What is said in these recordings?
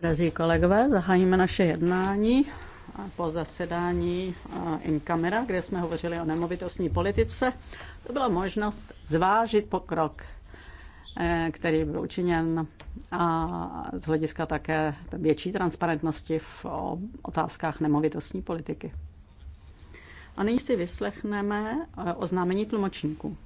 Drazí kolegové, zahájíme naše jednání po zasedání eh, in camera, kde jsme hovořili o nemovitostní politice. To byla možnost zvážit pokrok, eh, který byl učiněn a z hlediska také větší transparentnosti v otázkách nemovitostní politiky. A nyní si vyslechneme eh, oznámení tlumočníků.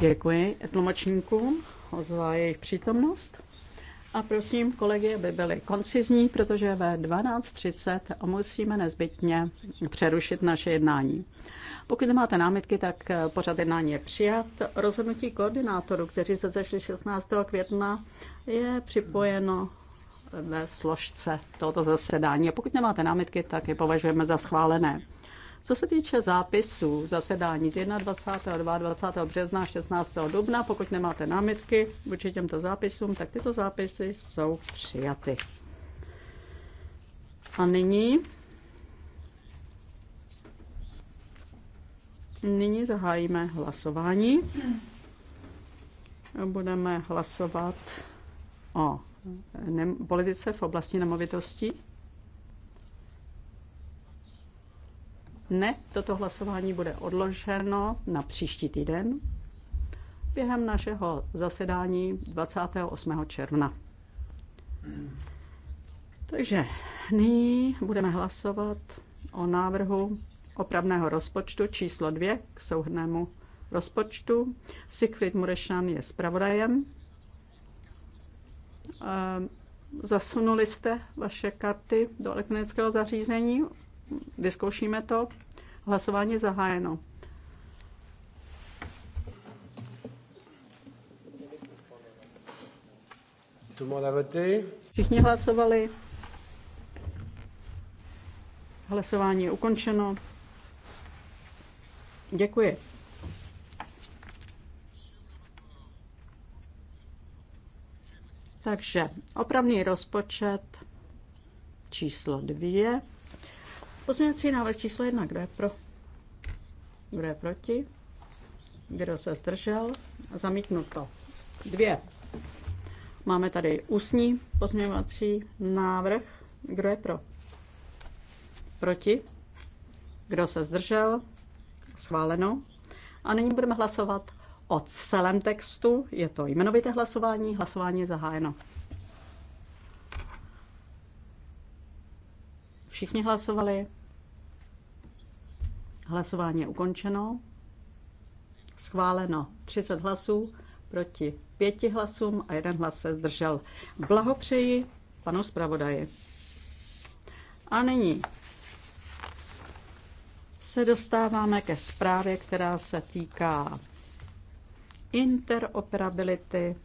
Děkuji tlumočníkům za jejich přítomnost. A prosím kolegy, aby byli koncizní, protože ve 12.30 musíme nezbytně přerušit naše jednání. Pokud máte námitky, tak pořad jednání je přijat. Rozhodnutí koordinátorů, kteří se zešli 16. května, je připojeno ve složce tohoto zasedání. A pokud nemáte námitky, tak je považujeme za schválené. Co se týče zápisu zasedání z 21. a 22. března 16. dubna, pokud nemáte námitky vůči těmto zápisům, tak tyto zápisy jsou přijaty. A nyní Nyní zahájíme hlasování. Budeme hlasovat o politice v oblasti nemovitostí. Ne, toto hlasování bude odloženo na příští týden během našeho zasedání 28. června. Takže nyní budeme hlasovat o návrhu opravného rozpočtu číslo 2 k souhrnému rozpočtu. Siegfried Murešan je zpravodajem. Ehm, zasunuli jste vaše karty do elektronického zařízení, vyzkoušíme to. Hlasování je zahájeno. Všichni hlasovali. Hlasování je ukončeno. Děkuji. Takže opravný rozpočet číslo dvě. Pozměňovací návrh číslo jedna, Kdo je pro? Kdo je proti? Kdo se zdržel? Zamítnuto. Dvě. Máme tady ústní pozměňovací návrh. Kdo je pro? Proti? Kdo se zdržel? Schváleno. A nyní budeme hlasovat o celém textu. Je to jmenovité hlasování. Hlasování je zahájeno. Všichni hlasovali? Hlasování je ukončeno. Schváleno 30 hlasů proti 5 hlasům a jeden hlas se zdržel. Blahopřeji panu zpravodaji. A nyní se dostáváme ke zprávě, která se týká interoperability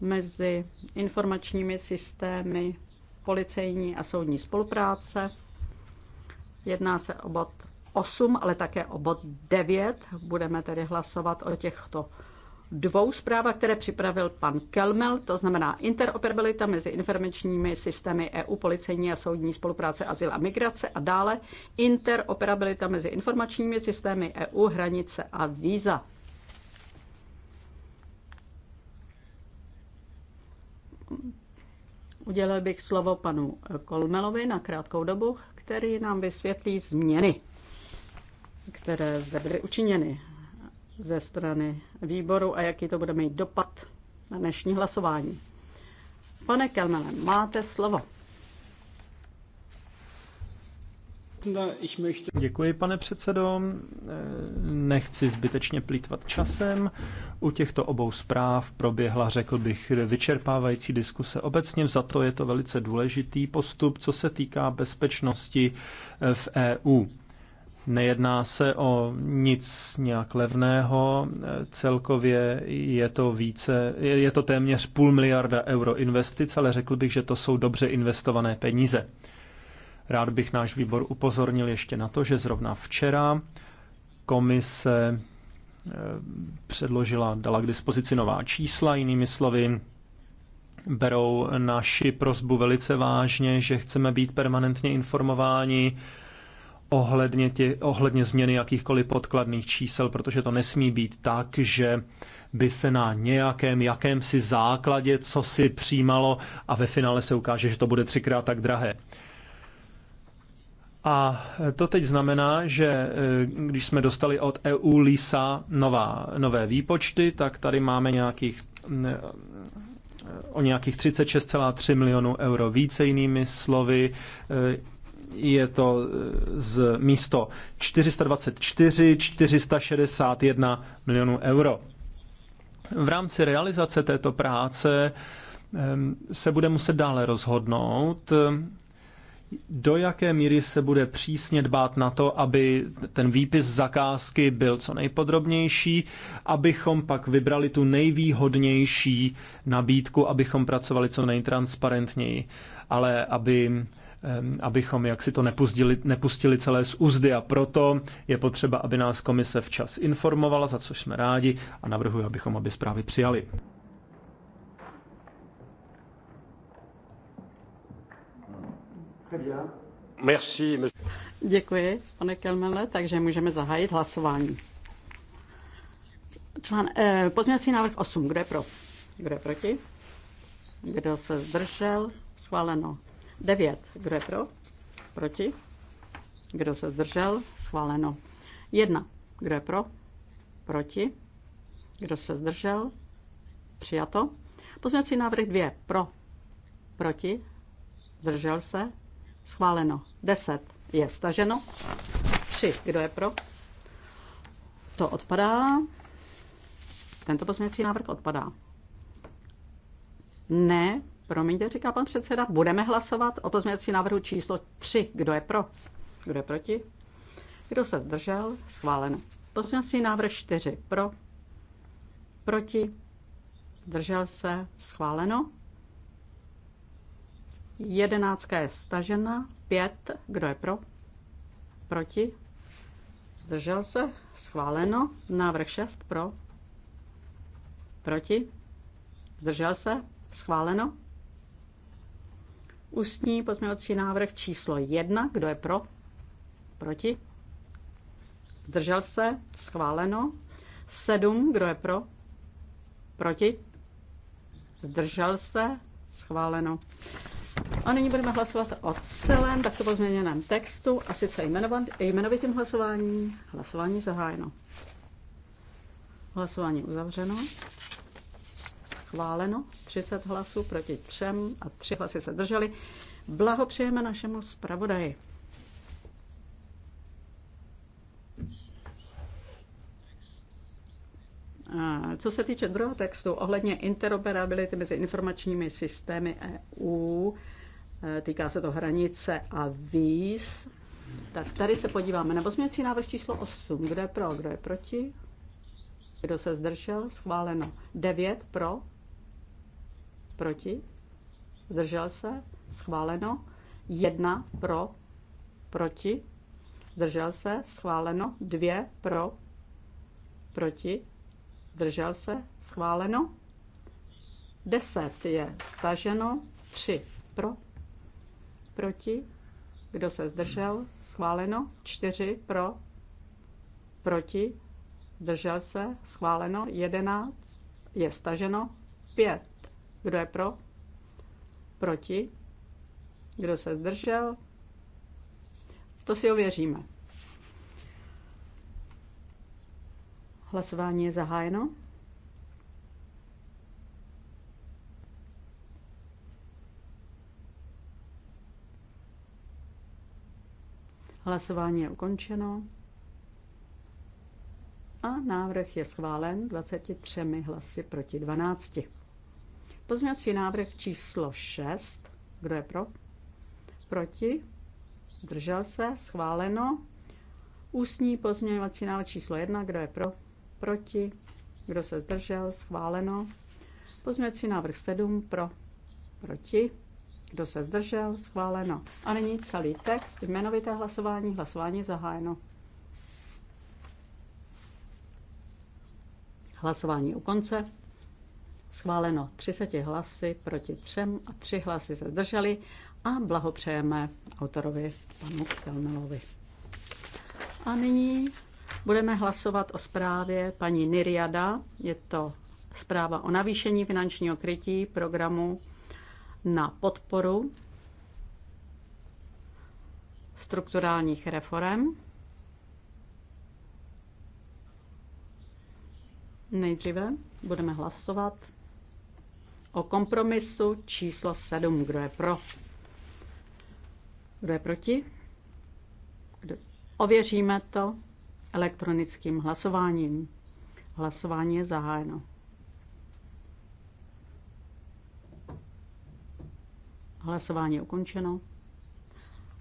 mezi informačními systémy policejní a soudní spolupráce. Jedná se o bod 8, ale také o bod 9. Budeme tedy hlasovat o těchto dvou zprávách, které připravil pan Kelmel, to znamená interoperabilita mezi informačními systémy EU, policejní a soudní spolupráce, azyl a migrace a dále interoperabilita mezi informačními systémy EU, hranice a víza. Udělal bych slovo panu Kolmelovi na krátkou dobu, který nám vysvětlí změny, které zde byly učiněny ze strany výboru a jaký to bude mít dopad na dnešní hlasování. Pane Kelmele, máte slovo. Děkuji, pane předsedo. Nechci zbytečně plítvat časem. U těchto obou zpráv proběhla, řekl bych, vyčerpávající diskuse. Obecně za to je to velice důležitý postup, co se týká bezpečnosti v EU. Nejedná se o nic nějak levného, celkově je to více, je to téměř půl miliarda euro investic, ale řekl bych, že to jsou dobře investované peníze. Rád bych náš výbor upozornil ještě na to, že zrovna včera komise eh, předložila, dala k dispozici nová čísla, jinými slovy, berou naši prozbu velice vážně, že chceme být permanentně informováni ohledně, tě, ohledně změny jakýchkoliv podkladných čísel, protože to nesmí být tak, že by se na nějakém jakémsi základě co si přijímalo a ve finále se ukáže, že to bude třikrát tak drahé. A to teď znamená, že e, když jsme dostali od EU LISA nová, nové výpočty, tak tady máme nějakých e, o nějakých 36,3 milionů euro více, jinými slovy, e, je to z místo 424 461 milionů euro. V rámci realizace této práce se bude muset dále rozhodnout, do jaké míry se bude přísně dbát na to, aby ten výpis zakázky byl co nejpodrobnější, abychom pak vybrali tu nejvýhodnější nabídku, abychom pracovali co nejtransparentněji, ale aby abychom jak si to nepustili, nepustili celé z úzdy a proto je potřeba, aby nás komise včas informovala, za což jsme rádi a navrhuji, abychom aby zprávy přijali. Merci. Děkuji, pane Kelmele, takže můžeme zahájit hlasování. Člán, eh, pozměňovací návrh 8, kdo je pro? Kdo je proti? Kdo se zdržel? Schváleno. 9, kdo je pro? Proti? Kdo se zdržel? Schváleno. 1, kdo je pro? Proti? Kdo se zdržel? Přijato. Pozměňovací návrh 2, pro? Proti? Zdržel se? Schváleno. 10 je staženo. 3. Kdo je pro? To odpadá. Tento pozměňovací návrh odpadá. Ne, promiňte, říká pan předseda, budeme hlasovat o pozměňovací návrhu číslo 3. Kdo je pro? Kdo je proti? Kdo se zdržel? Schváleno. Pozměňovací návrh 4. Pro? Proti? Zdržel se? Schváleno. Jedenáctka je stažena. Pět. Kdo je pro? Proti? Zdržel se? Schváleno. Návrh šest pro? Proti? Zdržel se? Schváleno. Ústní pozměňovací návrh číslo jedna Kdo je pro? Proti? Zdržel se? Schváleno. sedm Kdo je pro? Proti? Zdržel se? Schváleno. A nyní budeme hlasovat o celém takto pozměněném textu a sice jmenovitým hlasováním. Hlasování zahájeno. Hlasování uzavřeno. Schváleno. 30 hlasů proti třem a tři hlasy se drželi. Blahopřejeme našemu zpravodaji. Co se týče druhého textu ohledně interoperability mezi informačními systémy EU, e, týká se to hranice a víz, tak tady se podíváme na pozměňovací návrh číslo 8. Kdo je pro, kdo je proti? Kdo se zdržel? Schváleno. 9 pro, proti? Zdržel se? Schváleno. 1 pro, proti? Zdržel se? Schváleno. 2 pro, proti? zdržel se, schváleno. 10 je staženo, 3 pro, proti, kdo se zdržel, schváleno, 4 pro, proti, zdržel se, schváleno, 11 je staženo, 5, kdo je pro, proti, kdo se zdržel, to si ověříme. Hlasování je zahájeno. Hlasování je ukončeno. A návrh je schválen 23 hlasy proti 12. Pozměňovací návrh číslo 6. Kdo je pro? Proti? Zdržel se? Schváleno. Ústní pozměňovací návrh číslo 1. Kdo je pro? proti, kdo se zdržel, schváleno. Pozměňovací návrh 7 pro, proti, kdo se zdržel, schváleno. A nyní celý text, jmenovité hlasování, hlasování zahájeno. Hlasování u konce. Schváleno 30 hlasy proti třem a tři hlasy se zdrželi a blahopřejeme autorovi panu Kelmelovi. A nyní Budeme hlasovat o zprávě paní Niriada. Je to zpráva o navýšení finančního krytí programu na podporu strukturálních reform. Nejdříve budeme hlasovat o kompromisu číslo 7. Kdo je pro? Kdo je proti? Kdo? Ověříme to elektronickým hlasováním. Hlasování je zahájeno. Hlasování je ukončeno.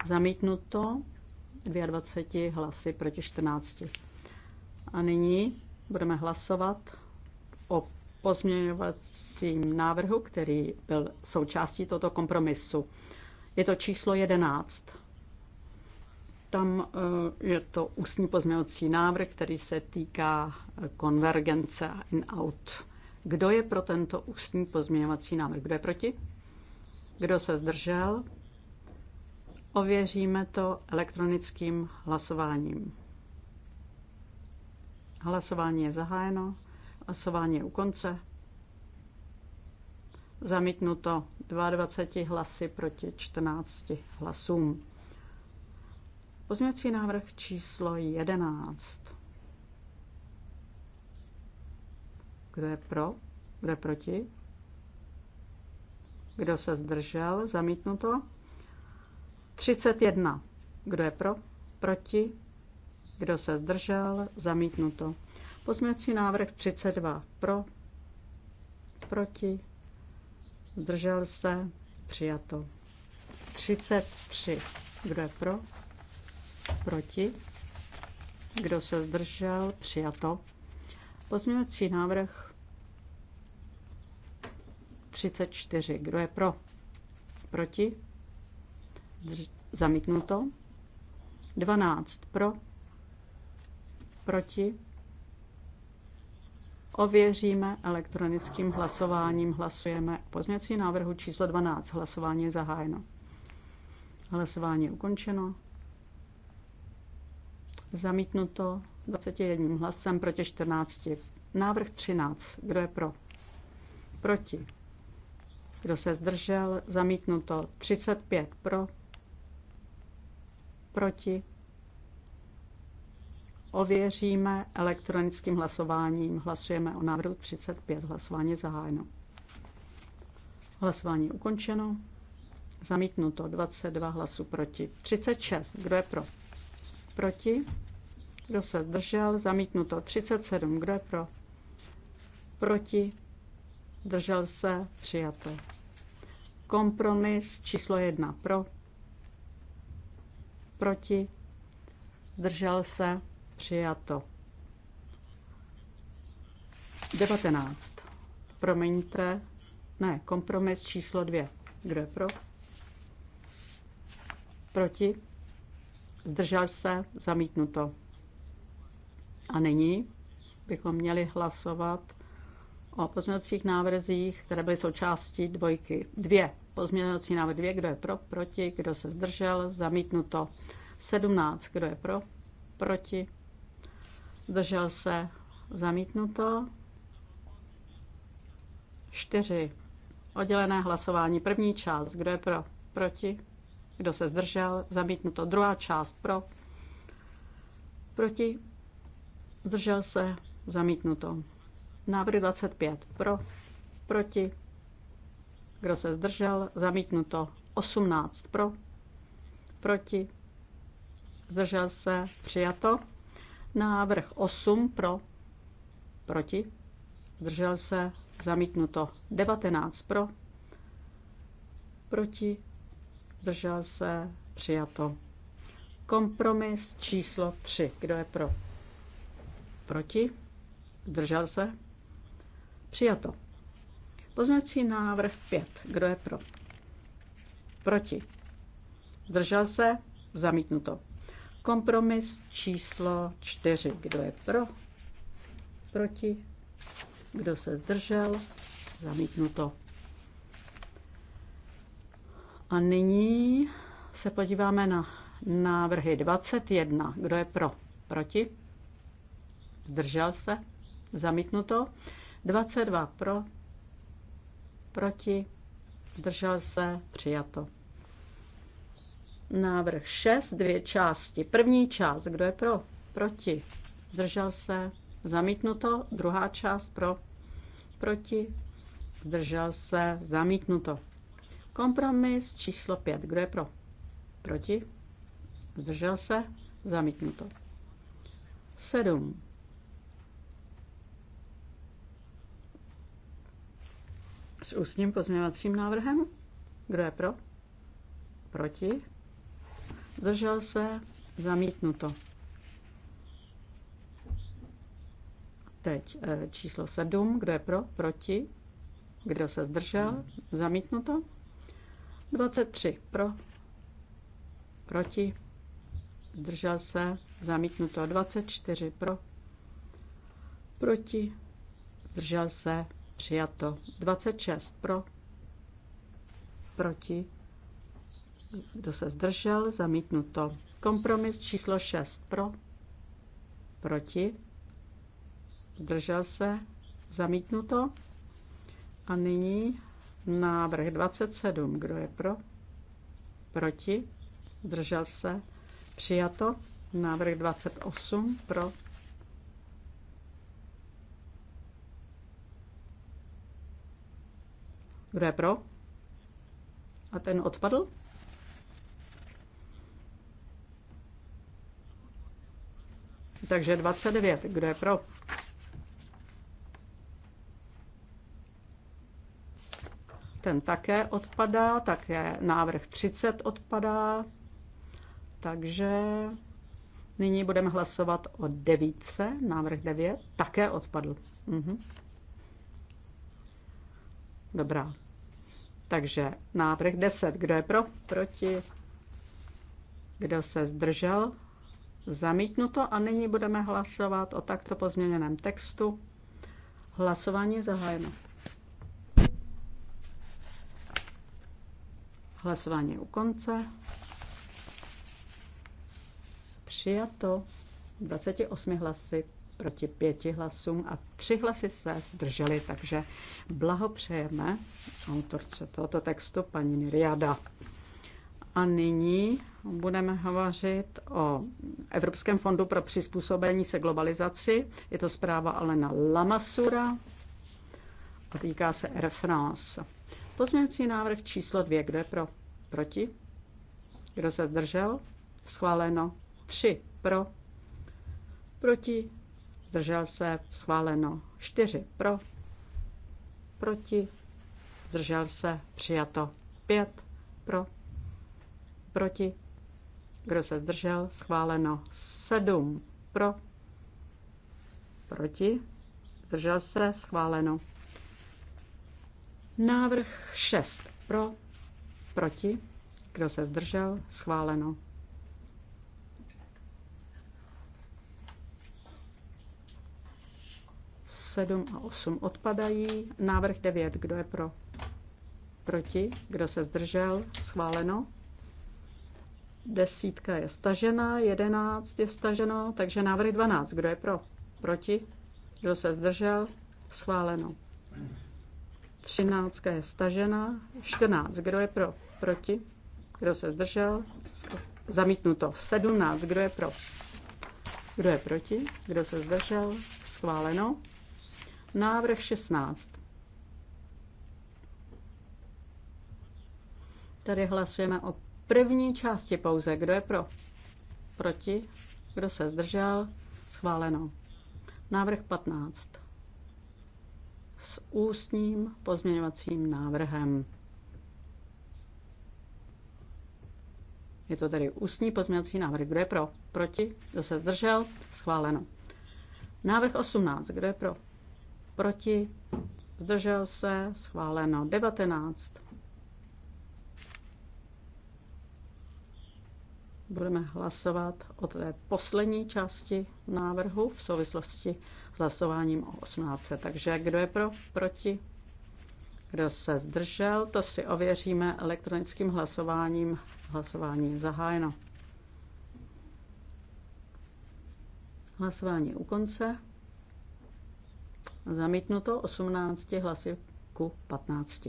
Zamítnuto 22 hlasy proti 14. A nyní budeme hlasovat o pozměňovacím návrhu, který byl součástí tohoto kompromisu. Je to číslo 11. Tam e, je to ústní pozměňovací návrh, který se týká e, konvergence a in-out. Kdo je pro tento ústní pozměňovací návrh? Kdo je proti? Kdo se zdržel? Ověříme to elektronickým hlasováním. Hlasování je zahájeno, hlasování je u konce. Zamítnuto 22 hlasy proti 14 hlasům. Pozměňovací návrh číslo 11. Kdo je pro? Kdo je proti? Kdo se zdržel? Zamítnuto. 31. Kdo je pro? Proti? Kdo se zdržel? Zamítnuto. Pozměňovací návrh 32. Pro? Proti? Zdržel se? Přijato. 33. Kdo je pro? Proti? Kdo se zdržel? Přijato. Pozměňovací návrh 34. Kdo je pro? Proti? Zamítnuto. 12 pro. Proti? Ověříme elektronickým hlasováním. Hlasujeme o návrhu číslo 12. Hlasování je zahájeno. Hlasování je ukončeno. Zamítnuto 21 hlasem proti 14. Návrh 13. Kdo je pro? Proti. Kdo se zdržel? Zamítnuto 35 pro. Proti. Ověříme elektronickým hlasováním. Hlasujeme o návrhu 35. Hlasování zahájeno. Hlasování ukončeno. Zamítnuto 22 hlasů proti. 36. Kdo je pro? Proti? Kdo se zdržel? Zamítnuto 37. Kdo je pro? Proti? Držel se? Přijato. Kompromis číslo 1. Pro? Proti? Zdržel se? Přijato. 19. Promiňte. Ne, kompromis číslo 2. Kdo je pro? Proti? zdržel se, zamítnuto. A nyní bychom měli hlasovat o pozměňovacích návrzích, které byly součástí dvojky. Dvě. Pozměňovací návrh dvě, kdo je pro, proti, kdo se zdržel, zamítnuto. 17, kdo je pro, proti, zdržel se, zamítnuto. 4. Oddělené hlasování. První část, kdo je pro, proti, kdo se zdržel? Zamítnuto. Druhá část pro. Proti? Zdržel se? Zamítnuto. Návrh 25 pro. Proti? Kdo se zdržel? Zamítnuto. 18 pro. Proti? Zdržel se? Přijato. Návrh 8 pro. Proti? Zdržel se? Zamítnuto. 19 pro. Proti? zdržel se, přijato. Kompromis číslo 3. Kdo je pro? Proti? Zdržel se? Přijato. Poznací návrh 5. Kdo je pro? Proti? Zdržel se? Zamítnuto. Kompromis číslo 4. Kdo je pro? Proti? Kdo se zdržel? Zamítnuto. A nyní se podíváme na návrhy 21. Kdo je pro? Proti? Zdržel se? Zamítnuto. 22 pro, proti, zdržel se, přijato. Návrh 6, dvě části. První část, kdo je pro? Proti, zdržel se, zamítnuto. Druhá část pro, proti, zdržel se, zamítnuto. Kompromis číslo 5. Kdo je pro? Proti? Zdržel se? Zamítnuto. 7. S ústním pozměňovacím návrhem? Kdo je pro? Proti? Zdržel se? Zamítnuto. Teď eh, číslo 7. Kdo je pro? Proti? Kdo se zdržel? Zamítnuto. 23 pro, proti, zdržel se, zamítnuto. 24 pro, proti, zdržel se, přijato. 26 pro, proti, kdo se zdržel, zamítnuto. Kompromis číslo 6 pro, proti, zdržel se, zamítnuto. A nyní Návrh 27. Kdo je pro? Proti? držel se? Přijato. Návrh 28. Pro? Kdo je pro? A ten odpadl? Takže 29. Kdo je pro? ten také odpadá, také návrh 30 odpadá, takže nyní budeme hlasovat o devítce, návrh 9 také odpadl. Mhm. Dobrá. Takže návrh 10. Kdo je pro? Proti? Kdo se zdržel? Zamítnuto a nyní budeme hlasovat o takto pozměněném textu. Hlasování zahájeno. Hlasování u konce. Přijato 28 hlasy proti 5 hlasům a 3 hlasy se zdrželi, takže blahopřejeme autorce tohoto textu, paní Niriada. A nyní budeme hovořit o Evropském fondu pro přizpůsobení se globalizaci. Je to zpráva Alena Lamasura a týká se Air France. Pozměňující návrh číslo dvě kdo je pro? Proti? Kdo se zdržel? Schváleno. Tři pro. Proti? Zdržel se? Schváleno. Čtyři pro. Proti? Zdržel se? Přijato. Pět pro. Proti? Kdo se zdržel? Schváleno. Sedm pro. Proti? Zdržel se? Schváleno. Návrh 6 pro, proti, kdo se zdržel, schváleno. Sedm a osm odpadají. Návrh 9. Kdo je pro? Proti? Kdo se zdržel? Schváleno. Desítka je stažena, jedenáct je staženo, takže návrh 12. Kdo je pro? Proti? Kdo se zdržel? Schváleno. 13 je stažena, 14, kdo je pro, proti, kdo se zdržel, zamítnuto, 17, kdo je pro, kdo je proti, kdo se zdržel, schváleno, návrh 16. Tady hlasujeme o první části pouze, kdo je pro, proti, kdo se zdržel, schváleno. Návrh 15 s ústním pozměňovacím návrhem. Je to tedy ústní pozměňovací návrh. Kdo je pro? Proti? Kdo se zdržel? Schváleno. Návrh 18. Kdo je pro? Proti? Zdržel se? Schváleno. 19. Budeme hlasovat o té poslední části návrhu v souvislosti hlasováním o 18. Takže kdo je pro, proti? Kdo se zdržel, to si ověříme elektronickým hlasováním. Hlasování zahájeno. Hlasování u konce. Zamítnuto 18 hlasy ku 15.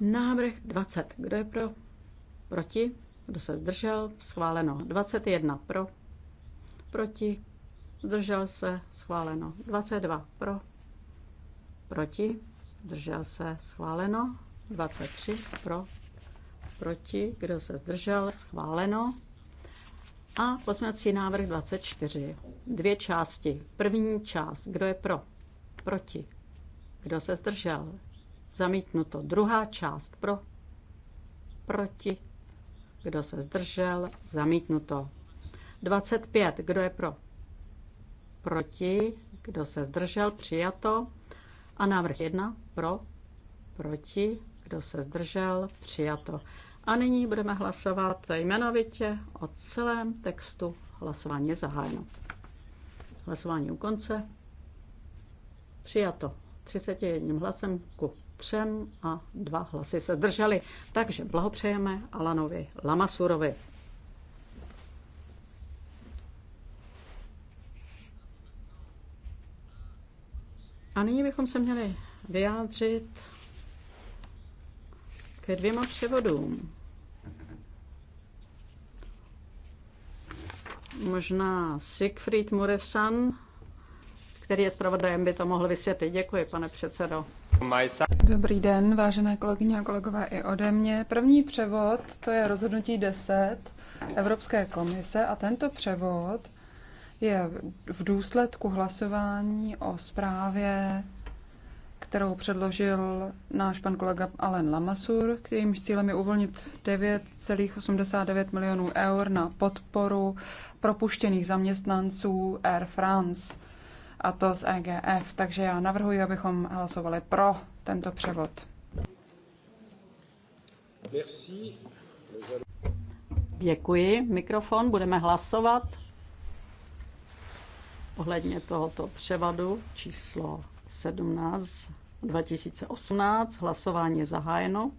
Návrh 20. Kdo je pro? Proti? Kdo se zdržel? Schváleno. 21 pro. Proti? zdržel se, schváleno. 22 pro, proti, zdržel se, schváleno. 23 pro, proti, kdo se zdržel, schváleno. A pozměnací návrh 24. Dvě části. První část, kdo je pro, proti, kdo se zdržel, zamítnuto. Druhá část pro, proti, kdo se zdržel, zamítnuto. 25. Kdo je pro? proti, kdo se zdržel, přijato. A návrh 1 pro, proti, kdo se zdržel, přijato. A nyní budeme hlasovat jmenovitě o celém textu. Hlasování je zahájeno. Hlasování u konce. Přijato 31 hlasem ku třem a dva hlasy se zdrželi. Takže blahopřejeme Alanovi Lamasurovi. nyní bychom se měli vyjádřit ke dvěma převodům. Možná Siegfried Muresan, který je zpravodajem, by to mohl vysvětlit. Děkuji, pane předsedo. Dobrý den, vážené kolegyně a kolegové i ode mě. První převod, to je rozhodnutí 10 Evropské komise a tento převod je v důsledku hlasování o zprávě, kterou předložil náš pan kolega Alen Lamasur, jejímž cílem je uvolnit 9,89 milionů eur na podporu propuštěných zaměstnanců Air France, a to z EGF. Takže já navrhuji, abychom hlasovali pro tento převod. Děkuji. Mikrofon, budeme hlasovat ohledně tohoto převadu číslo 17 2018. Hlasování je zahájeno.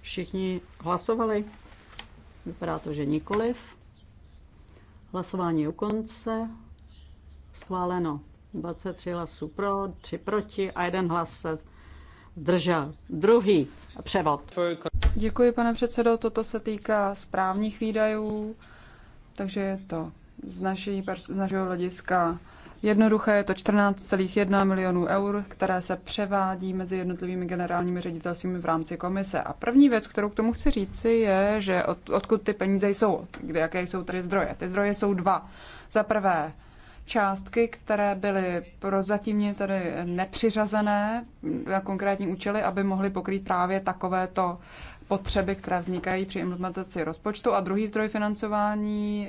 Všichni hlasovali? Vypadá to, že nikoliv. Hlasování u konce. Schváleno. 23 hlasů pro, 3 proti a jeden hlas se zdržel. Druhý převod. Děkuji, pane předsedo. Toto se týká správních výdajů, takže je to z, naší, z našeho hlediska jednoduché. Je to 14,1 milionů eur, které se převádí mezi jednotlivými generálními ředitelstvími v rámci komise. A první věc, kterou k tomu chci říci, je, že od, odkud ty peníze jsou, kde, jaké jsou tedy zdroje. Ty zdroje jsou dva. Za prvé, částky, které byly prozatímně tady nepřiřazené na konkrétní účely, aby mohly pokrýt právě takovéto potřeby, které vznikají při implementaci rozpočtu. A druhý zdroj financování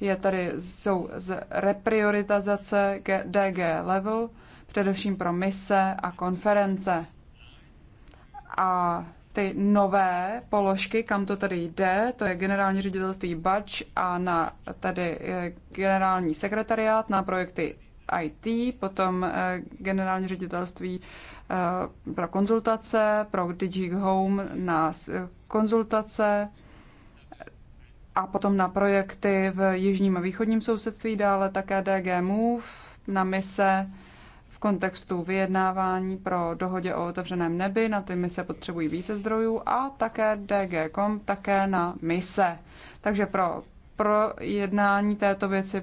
je tady, jsou z reprioritizace DG level, především pro mise a konference. A ty nové položky, kam to tady jde, to je generální ředitelství BAČ a na tady eh, generální sekretariát na projekty IT, potom eh, generální ředitelství eh, pro konzultace, pro Digi Home na eh, konzultace a potom na projekty v jižním a východním sousedství, dále také DG Move na mise v kontextu vyjednávání pro dohodě o otevřeném nebi, na ty mise potřebují více zdrojů a také DG.com také na mise. Takže pro pro jednání této věci,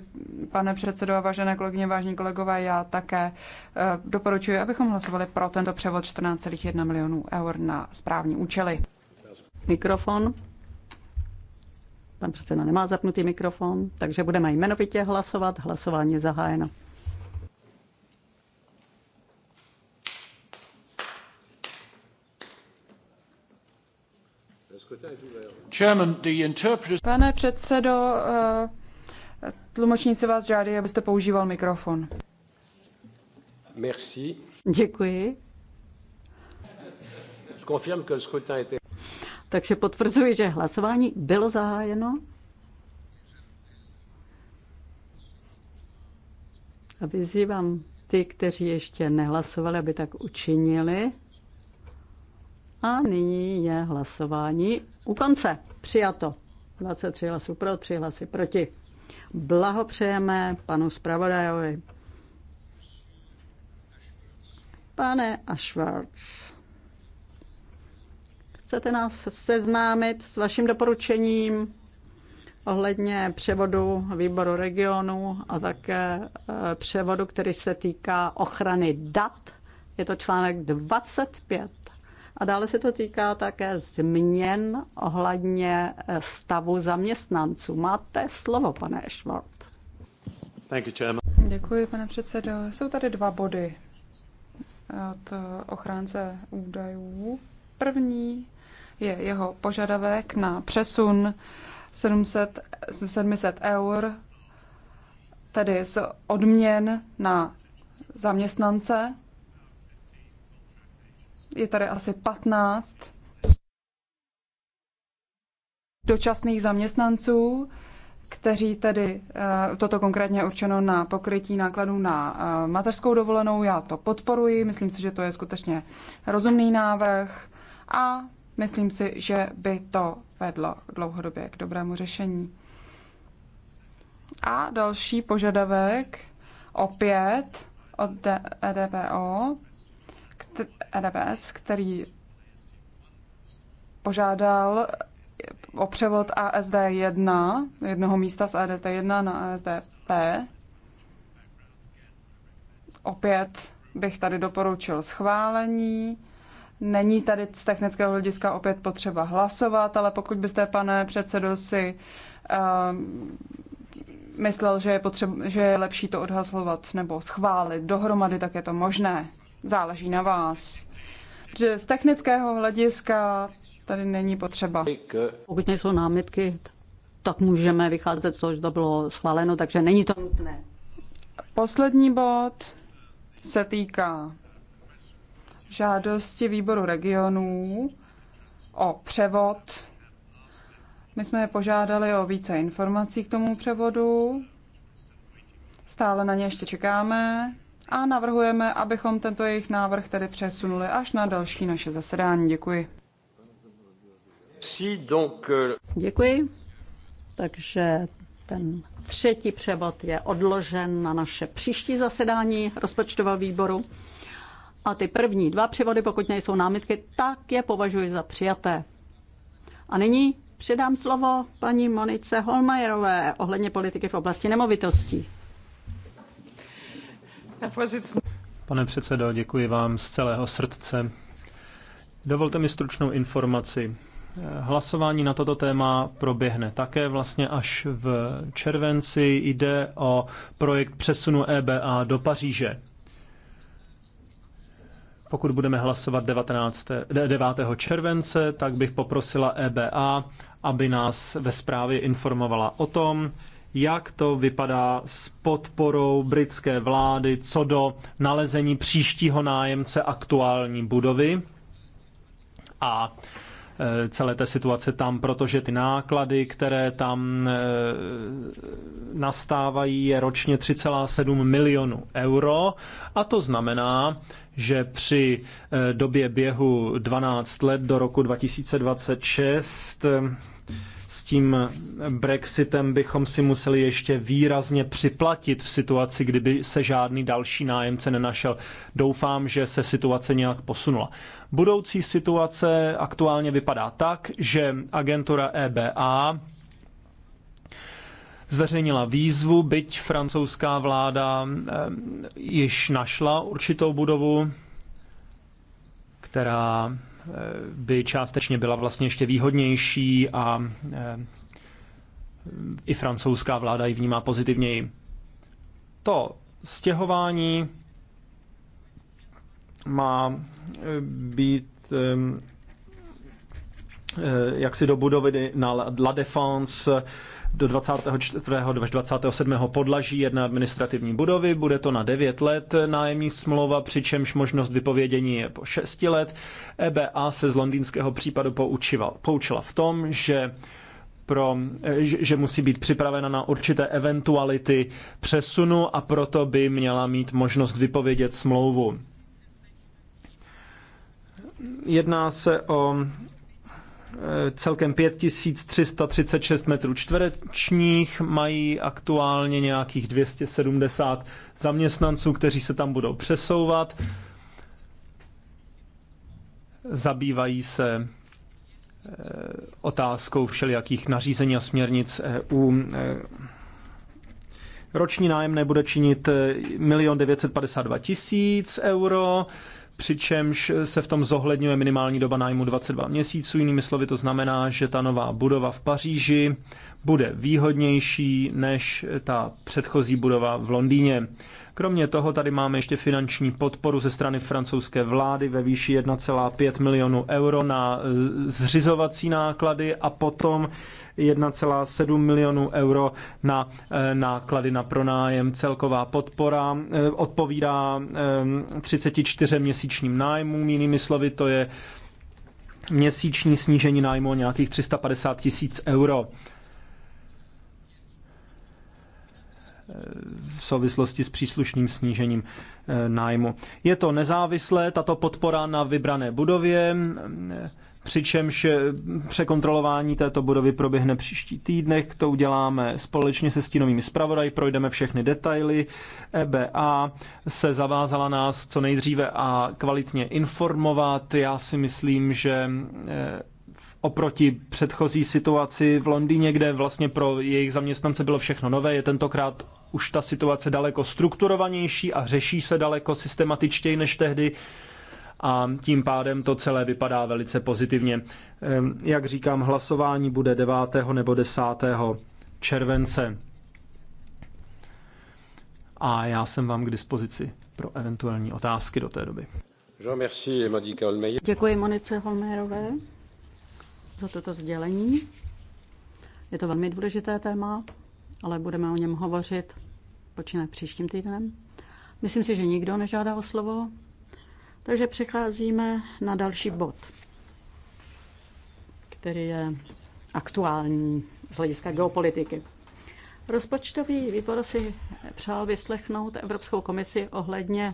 pane předsedo a vážené kolegyně, vážní kolegové, já také eh, doporučuji, abychom hlasovali pro tento převod 14,1 milionů eur na správní účely. Mikrofon. Pan předseda nemá zapnutý mikrofon, takže budeme jmenovitě hlasovat. Hlasování je zahájeno. Pane předsedo, eh, tlumočníci vás žádají, abyste používal mikrofon. Merci. Děkuji. Takže potvrzuji, že hlasování bylo zahájeno. A vyzývám ty, kteří ještě nehlasovali, aby tak učinili. A nyní je hlasování u konce. Přijato. 23 hlasů pro, 3 hlasy proti. Blahopřejeme panu zpravodajovi. Pane Ashworth, chcete nás seznámit s vaším doporučením ohledně převodu výboru regionu a také eh, převodu, který se týká ochrany dat? Je to článek 25. A dále se to týká také změn ohledně eh, stavu zaměstnanců. Máte slovo, pane Ashworth. Děkuji, pane předsedo. Jsou tady dva body od ochránce údajů. První je jeho požadavek na přesun 700, 700 eur, tedy z odměn na zaměstnance je tady asi 15 dočasných zaměstnanců, kteří tedy, eh, toto konkrétně určeno na pokrytí nákladů na eh, mateřskou dovolenou, já to podporuji, myslím si, že to je skutečně rozumný návrh a myslím si, že by to vedlo dlouhodobě k dobrému řešení. A další požadavek, opět od EDPO, typ NFS, který požádal o převod ASD1, jednoho místa z ADT1 na ASDP. Opět bych tady doporučil schválení. Není tady z technického hlediska opět potřeba hlasovat, ale pokud byste, pane předsedo, si um, myslel, že je, potřeba, že je lepší to odhlasovat nebo schválit dohromady, tak je to možné záleží na vás. že z technického hlediska tady není potřeba. Pokud nejsou námitky, tak můžeme vycházet z toho, že to bylo schváleno, takže není to nutné. Poslední bod se týká žádosti výboru regionů o převod. My jsme je požádali o více informací k tomu převodu. Stále na ně ještě čekáme a navrhujeme, abychom tento jejich návrh tedy přesunuli až na další naše zasedání. Děkuji. Euh, Děkuji. Takže ten třetí převod je odložen na naše příští zasedání rozpočtového výboru. A ty první dva převody, pokud nejsou námitky, tak je považuji za přijaté. A nyní předám slovo paní Monice Holmajerové ohledně politiky v oblasti nemovitostí. Pane předsedo, děkuji vám z celého srdce. Dovolte mi stručnou informaci. Hlasování na toto téma proběhne také vlastně až v červenci. Jde o projekt přesunu EBA do Paříže. Pokud budeme hlasovat 19, 9. července, tak bych poprosila EBA, aby nás ve zprávě informovala o tom, jak to vypadá s podporou britské vlády co do nalezení příštího nájemce aktuální budovy a e, celé té situace tam, protože ty náklady, které tam e, nastávají, je ročně 3,7 milionu euro. A to znamená, že při e, době běhu 12 let do roku 2026 s tím Brexitem bychom si museli ještě výrazně připlatit v situaci, kdyby se žádný další nájemce nenašel. Doufám, že se situace nějak posunula. Budoucí situace aktuálně vypadá tak, že agentura EBA zveřejnila výzvu, byť francouzská vláda eh, již našla určitou budovu, která Eh, by částečně byla vlastně ještě výhodnější a eh, i francouzská vláda ji vnímá pozitivněji. To stěhování má eh, být jaksi do budovy na La Défense do 24. až 27. podlaží jedné administrativní budovy. Bude to na 9 let nájemní smlouva, přičemž možnost vypovědění je po 6 let. EBA se z londýnského případu poučila v tom, že pro, že musí být připravena na určité eventuality přesunu a proto by měla mít možnost vypovědět smlouvu. Jedná se o celkem 5336 metrů čtverečních, mají aktuálně nějakých 270 zaměstnanců, kteří se tam budou přesouvat. Zabývají se eh, otázkou všelijakých nařízení a směrnic EU. Eh, roční nájem nebude činit 1 952 000 euro přičemž se v tom zohledňuje minimální doba nájmu 22 měsíců. Jinými slovy to znamená, že ta nová budova v Paříži bude výhodnější než ta předchozí budova v Londýně. Kromě toho tady máme ještě finanční podporu ze strany francouzské vlády ve výši 1,5 milionu euro na eh, zřizovací náklady a potom 1,7 milionů euro na eh, náklady na pronájem. Celková podpora eh, odpovídá 34 měsíčním nájmům, jinými slovy to je měsíční snížení nájmu o nějakých 350 tisíc euro. v souvislosti s příslušným snížením eh, nájmu. Je to nezávislé, tato podpora na vybrané budově, mm, eh, přičemž eh, překontrolování této budovy proběhne příští týdnech. To uděláme společně se stínovými zpravodaj, projdeme všechny detaily. EBA se zavázala nás co nejdříve a kvalitně informovat. Já si myslím, že oproti předchozí situaci v Londýně, kde vlastně pro jejich zaměstnance bylo všechno nové, je tentokrát už ta situace daleko strukturovanější a řeší se daleko systematičtěji než tehdy a tím pádem to celé vypadá velice pozitivně. Ehm, jak říkám, hlasování bude 9. nebo 10. července. A já jsem vám k dispozici pro eventuální otázky do té doby. Děkuji Monice Holmérové za toto sdělení. Je to velmi důležité téma ale budeme o něm hovořit počínat příštím týdnem. Myslím si, že nikdo nežádá o slovo, takže přecházíme na další bod, který je aktuální z hlediska geopolitiky. Rozpočtový výbor si přál vyslechnout Evropskou komisi ohledně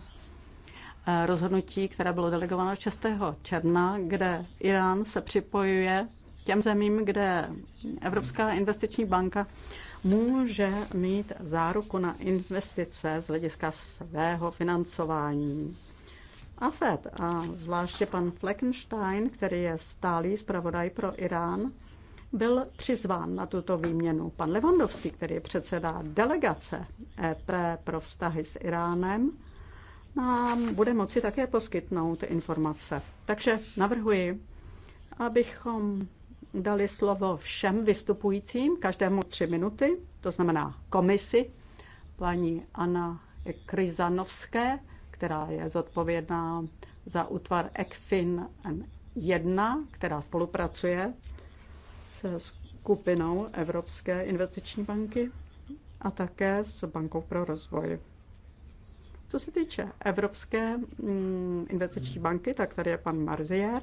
eh, rozhodnutí, které bylo delegováno 6. června, kde Irán se připojuje těm zemím, kde Evropská investiční banka může mít záruku na investice z hlediska svého financování. Fed, a zvláště pan Fleckenstein, který je stálý zpravodaj pro Irán, byl přizván na tuto výměnu. Pan Levandovský, který je předseda delegace EP pro vztahy s Iránem, nám bude moci také poskytnout informace. Takže navrhuji, abychom dali slovo všem vystupujícím, každému tři minuty, to znamená komisi, paní Anna Kryzanovské, která je zodpovědná za útvar ECFIN 1, která spolupracuje se skupinou Evropské investiční banky a také s Bankou pro rozvoj. Co se týče Evropské mm, investiční banky, tak tady je pan Marzier,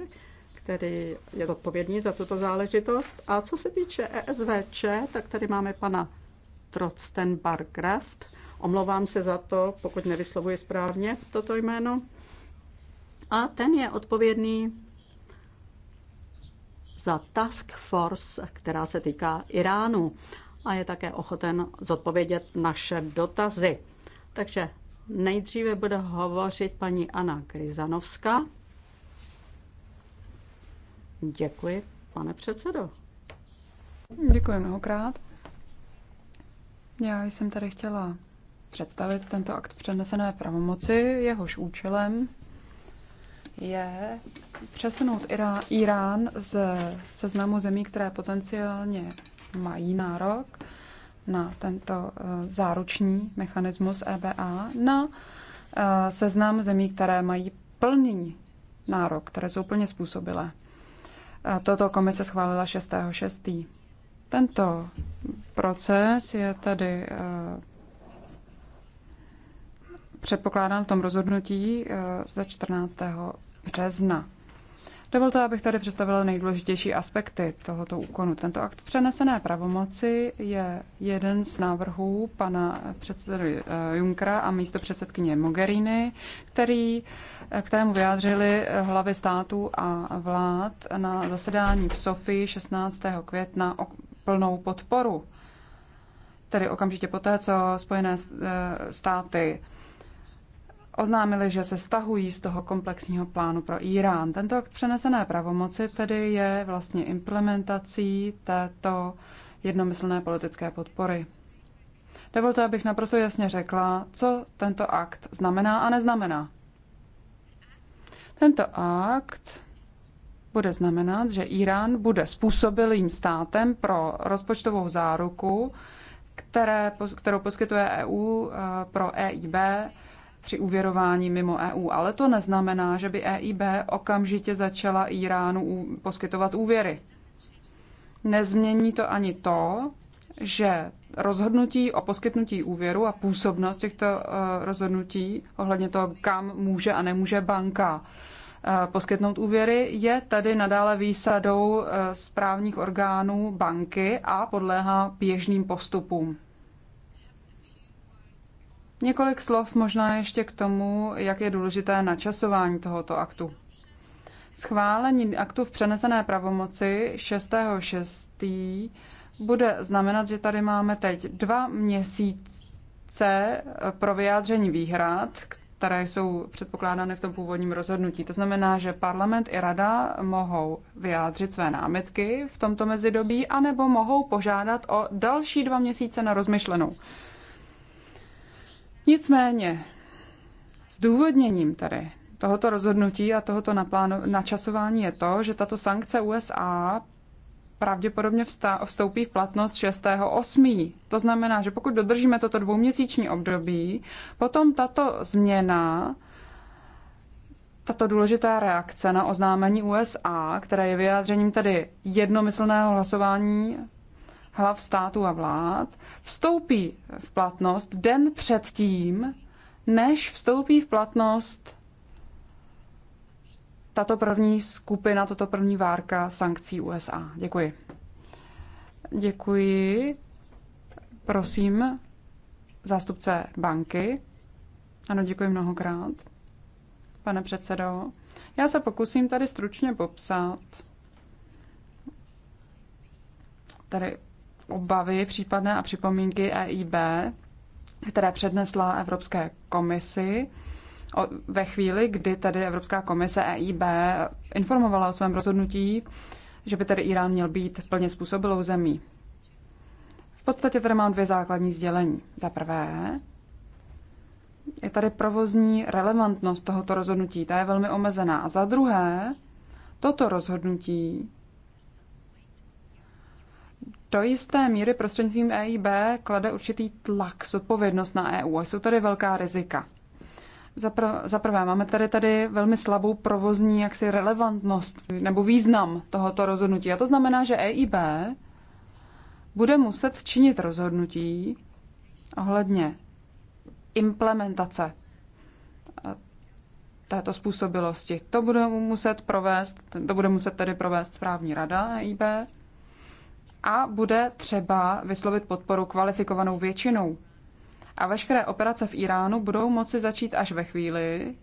který je zodpovědný za tuto záležitost. A co se týče ESVČ, tak tady máme pana Trotstenbargraft. Omlouvám se za to, pokud nevyslovuji správně toto jméno. A ten je odpovědný za task force, která se týká Iránu a je také ochoten zodpovědět naše dotazy. Takže nejdříve bude hovořit paní Anna Kryzanovská. Děkuji, pane předsedo. Děkuji mnohokrát. Já jsem tady chtěla představit tento akt přenesené pravomoci. Jehož účelem je přesunout Irán z seznamu zemí, které potenciálně mají nárok na tento eh, záruční mechanismus EBA, na eh, seznam zemí, které mají plný nárok, které jsou plně způsobilé. Toto komise schválila 6.6. Tento proces je tedy eh, předpokládán v tom rozhodnutí eh, ze 14. března. Dovolte, abych tady představila nejdůležitější aspekty tohoto úkonu. Tento akt přenesené pravomoci je jeden z návrhů pana předsedy eh, Junkra a místo předsedkyně Mogherini, který, eh, kterému vyjádřili eh, hlavy států a vlád na zasedání v Sofii 16. května o plnou podporu. Tedy okamžitě poté, co Spojené státy oznámili, že se stahují z toho komplexního plánu pro Irán. Tento akt přenesené pravomoci tedy je vlastně implementací této jednomyslné politické podpory. Dovolte, abych naprosto jasně řekla, co tento akt znamená a neznamená. Tento akt bude znamenat, že Irán bude způsobilým státem pro rozpočtovou záruku, které, kterou poskytuje EU eh, pro EIB při uvěrování mimo EU, ale to neznamená, že by EIB okamžitě začala Iránu poskytovat úvěry. Nezmění to ani to, že rozhodnutí o poskytnutí úvěru a působnost těchto eh, rozhodnutí ohledně toho, kam může a nemůže banka eh, poskytnout úvěry, je tedy nadále výsadou eh, správních orgánů banky a podléhá běžným postupům. Několik slov možná ještě k tomu, jak je důležité načasování tohoto aktu. Schválení aktu v přenesené pravomoci 6.6. bude znamenat, že tady máme teď dva měsíce pro vyjádření výhrad, které jsou předpokládány v tom původním rozhodnutí. To znamená, že parlament i rada mohou vyjádřit své námitky v tomto mezidobí, anebo mohou požádat o další dva měsíce na rozmyšlenou. Nicméně zdůvodněním tady tohoto rozhodnutí a tohoto načasování je to, že tato sankce USA pravděpodobně vstoupí v platnost 6.8. To znamená, že pokud dodržíme toto dvouměsíční období, potom tato změna, tato důležitá reakce na oznámení USA, které je vyjádřením tedy jednomyslného hlasování hlav států a vlád vstoupí v platnost den předtím, než vstoupí v platnost tato první skupina, toto první várka sankcí USA. Děkuji. Děkuji. Prosím, zástupce banky. Ano, děkuji mnohokrát, pane předsedo. Já se pokusím tady stručně popsat tady obavy případné a připomínky EIB, které přednesla Evropské komisi ve chvíli, kdy tady Evropská komise EIB informovala o svém rozhodnutí, že by tedy Irán měl být plně způsobilou zemí. V podstatě tady mám dvě základní sdělení. Za prvé, je tady provozní relevantnost tohoto rozhodnutí, ta je velmi omezená. A za druhé, toto rozhodnutí do jisté míry prostřednictvím EIB klade určitý tlak, zodpovědnost na EU a jsou tady velká rizika. Za prvé, máme tady tady velmi slabou provozní jaksi relevantnost nebo význam tohoto rozhodnutí. A to znamená, že EIB bude muset činit rozhodnutí ohledně implementace eh, této způsobilosti. To bude muset provést, to bude muset tedy provést správní rada EIB a bude třeba vyslovit podporu kvalifikovanou většinou. A veškeré operace v Iránu budou moci začít až ve chvíli,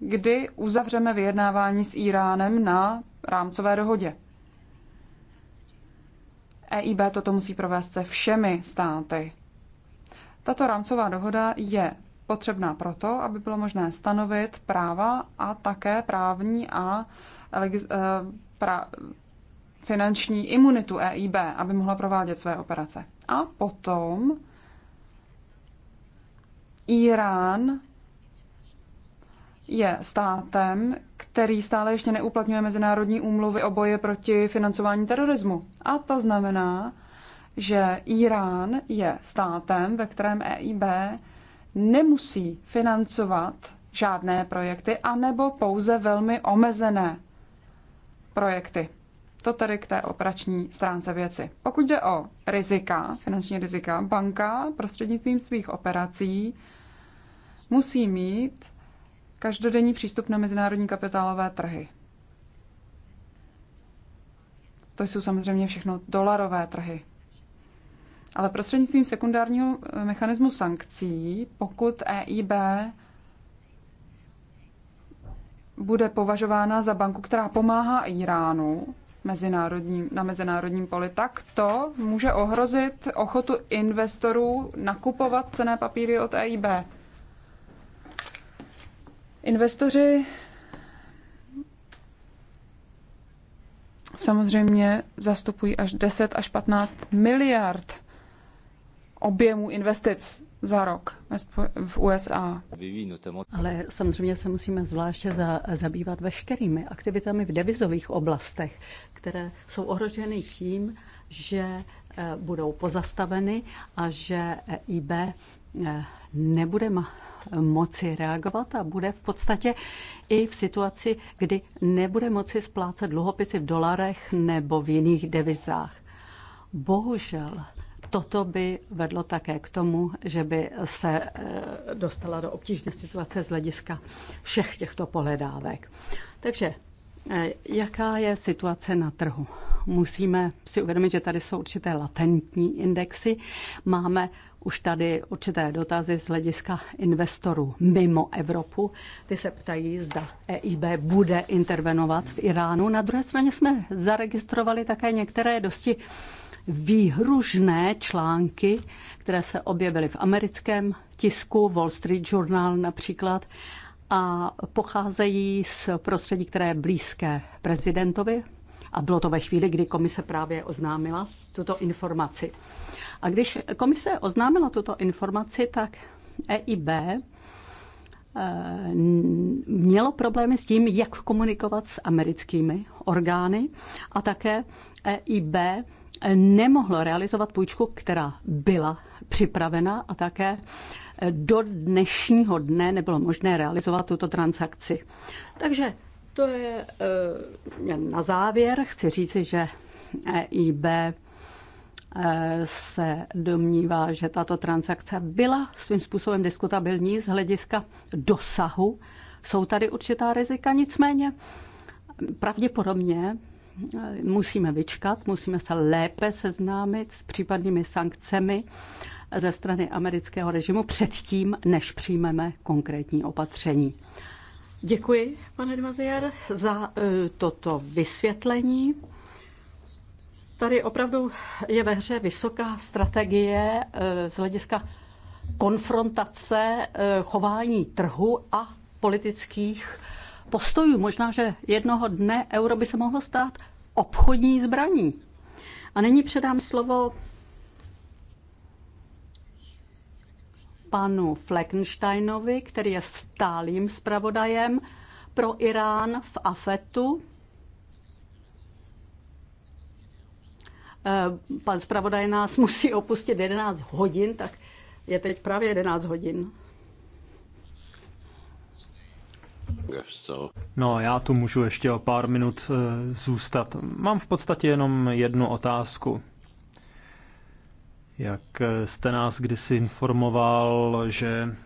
kdy uzavřeme vyjednávání s Iránem na rámcové dohodě. EIB toto musí provést se všemi státy. Tato rámcová dohoda je potřebná proto, aby bylo možné stanovit práva a také právní a eh, pra, finanční imunitu EIB, aby mohla provádět své operace. A potom Irán je státem, který stále ještě neuplatňuje mezinárodní úmluvy o boji proti financování terorismu. A to znamená, že Irán je státem, ve kterém EIB nemusí financovat žádné projekty, anebo pouze velmi omezené projekty. To tedy k té operační stránce věci. Pokud jde o rizika, finanční rizika, banka prostřednictvím svých operací musí mít každodenní přístup na mezinárodní kapitálové trhy. To jsou samozřejmě všechno dolarové trhy. Ale prostřednictvím sekundárního eh, mechanismu sankcí, pokud EIB bude považována za banku, která pomáhá Iránu, mezinárodní, na mezinárodním poli, tak to může ohrozit ochotu investorů nakupovat cené papíry od EIB. Investoři samozřejmě zastupují až 10 až 15 miliard objemu investic za rok v USA. Ale samozřejmě se musíme zvláště za, zabývat veškerými aktivitami v devizových oblastech které jsou ohroženy tím, že eh, budou pozastaveny a že eh, IB eh, nebude moci reagovat a bude v podstatě i v situaci, kdy nebude moci splácet dluhopisy v dolarech nebo v jiných devizách. Bohužel toto by vedlo také k tomu, že by se dostala do obtížné situace z hlediska všech těchto pohledávek. Takže Eh, jaká je situace na trhu? Musíme si uvědomit, že tady jsou určité latentní indexy. Máme už tady určité dotazy z hlediska investorů mimo Evropu. Ty se ptají, zda EIB bude intervenovat v Iránu. Na druhé straně jsme zaregistrovali také některé dosti výhružné články, které se objevily v americkém tisku, Wall Street Journal například, a pocházejí z prostředí, které je blízké prezidentovi. A bylo to ve chvíli, kdy komise právě oznámila tuto informaci. A když komise oznámila tuto informaci, tak EIB eh, mělo problémy s tím, jak komunikovat s americkými orgány a také EIB nemohlo realizovat půjčku, která byla připravena a také do dnešního dne nebylo možné realizovat tuto transakci. Takže to je eh, na závěr. Chci říci, že EIB eh, se domnívá, že tato transakce byla svým způsobem diskutabilní z hlediska dosahu. Jsou tady určitá rizika, nicméně pravděpodobně eh, musíme vyčkat, musíme se lépe seznámit s případnými sankcemi ze strany amerického režimu předtím, než přijmeme konkrétní opatření. Děkuji, pane Dmaziar, za e, toto vysvětlení. Tady opravdu je ve hře vysoká strategie e, z hlediska konfrontace e, chování trhu a politických postojů. Možná, že jednoho dne euro by se mohlo stát obchodní zbraní. A nyní předám slovo panu Fleckensteinovi, který je stálým zpravodajem pro Irán v AFETu. Eh, pan zpravodaj nás musí opustit 11 hodin, tak je teď právě 11 hodin. No, já tu můžu ještě o pár minut eh, zůstat. Mám v podstatě jenom jednu otázku jak jste nás kdysi informoval, že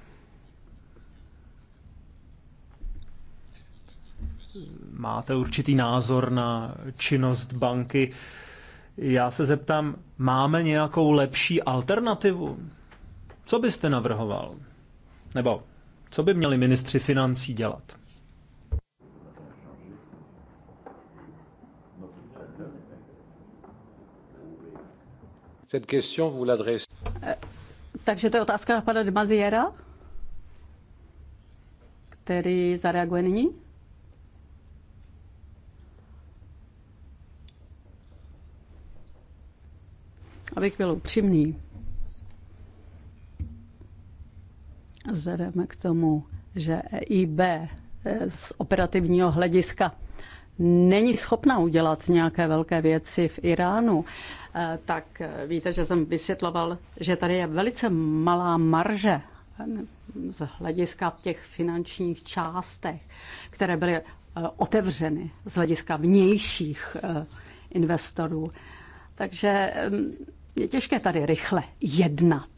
máte určitý názor na činnost banky. Já se zeptám, máme nějakou lepší alternativu? Co byste navrhoval? Nebo co by měli ministři financí dělat? Cette question vous l'adresse. Eh, takže to je otázka na pana Demaziera, který zareaguje nyní. Abych byl upřímný, vzhledem k tomu, že EIB eh, z operativního hlediska není schopna udělat nějaké velké věci v Iránu, eh, tak eh, víte, že jsem vysvětloval, že tady je velice malá marže eh, z hlediska těch finančních částech, které byly otevřeny z hlediska vnějších investorů. Takže je těžké tady rychle jednat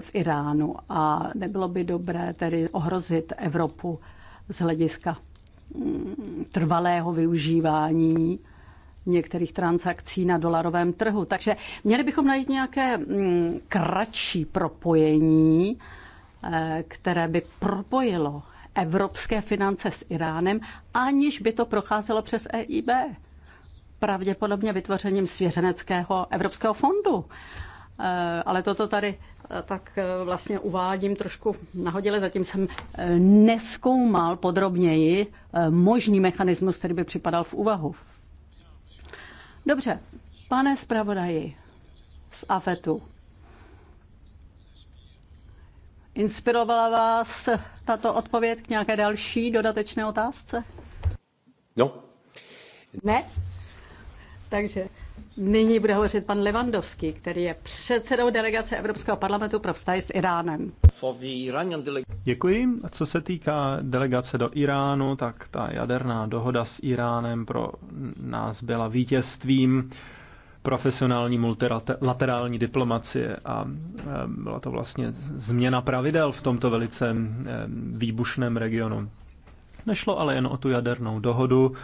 v Iránu a nebylo by dobré tedy ohrozit Evropu z hlediska trvalého využívání některých transakcí na dolarovém trhu. Takže měli bychom najít nějaké mm, kratší propojení, eh, které by propojilo evropské finance s Iránem, aniž by to procházelo přes EIB. Pravděpodobně vytvořením svěřeneckého evropského fondu. Eh, ale toto tady tak eh, vlastně uvádím trošku nahodile, zatím jsem eh, neskoumal podrobněji eh, možný mechanismus, který by připadal v úvahu. Dobře, pane zpravodaji z AFETu, inspirovala vás tato odpověď k nějaké další dodatečné otázce? No. Ne? Takže Nyní bude hovořit pan Levandovský, který je předsedou delegace Evropského parlamentu pro vztahy s Iránem. Děkuji. A co se týká delegace do Iránu, tak ta jaderná dohoda s Iránem pro nás byla vítězstvím profesionální multilaterální diplomacie a e, byla to vlastně změna pravidel v tomto velice e, výbušném regionu. Nešlo ale jen o tu jadernou dohodu,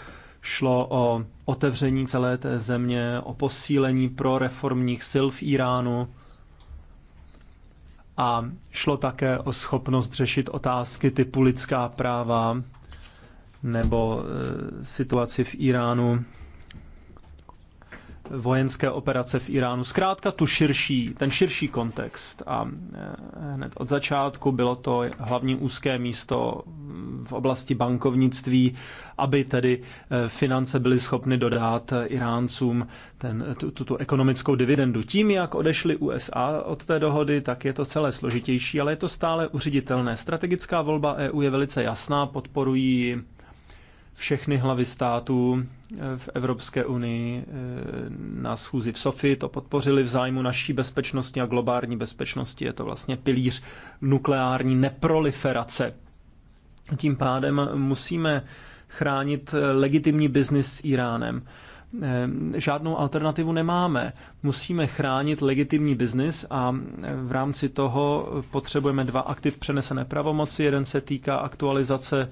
Šlo o otevření celé té země, o posílení proreformních sil v Iránu a šlo také o schopnost řešit otázky typu lidská práva nebo e, situaci v Iránu vojenské operace v Iránu. Zkrátka tu širší, ten širší kontext. A eh, hned od začátku bylo to hlavní úzké místo v oblasti bankovnictví, aby tedy eh, finance byly schopny dodat eh, Iráncům ten, tu, tu, tu ekonomickou dividendu. Tím, jak odešly USA od té dohody, tak je to celé složitější, ale je to stále uřiditelné. Strategická volba EU je velice jasná, podporují všechny hlavy států eh, v Evropské unii eh, na schůzi v Sofii to podpořili v zájmu naší bezpečnosti a globální bezpečnosti. Je to vlastně pilíř nukleární neproliferace. Tím pádem musíme chránit legitimní biznis s Iránem. Eh, žádnou alternativu nemáme. Musíme chránit legitimní biznis a v rámci toho potřebujeme dva aktiv přenesené pravomoci. Jeden se týká aktualizace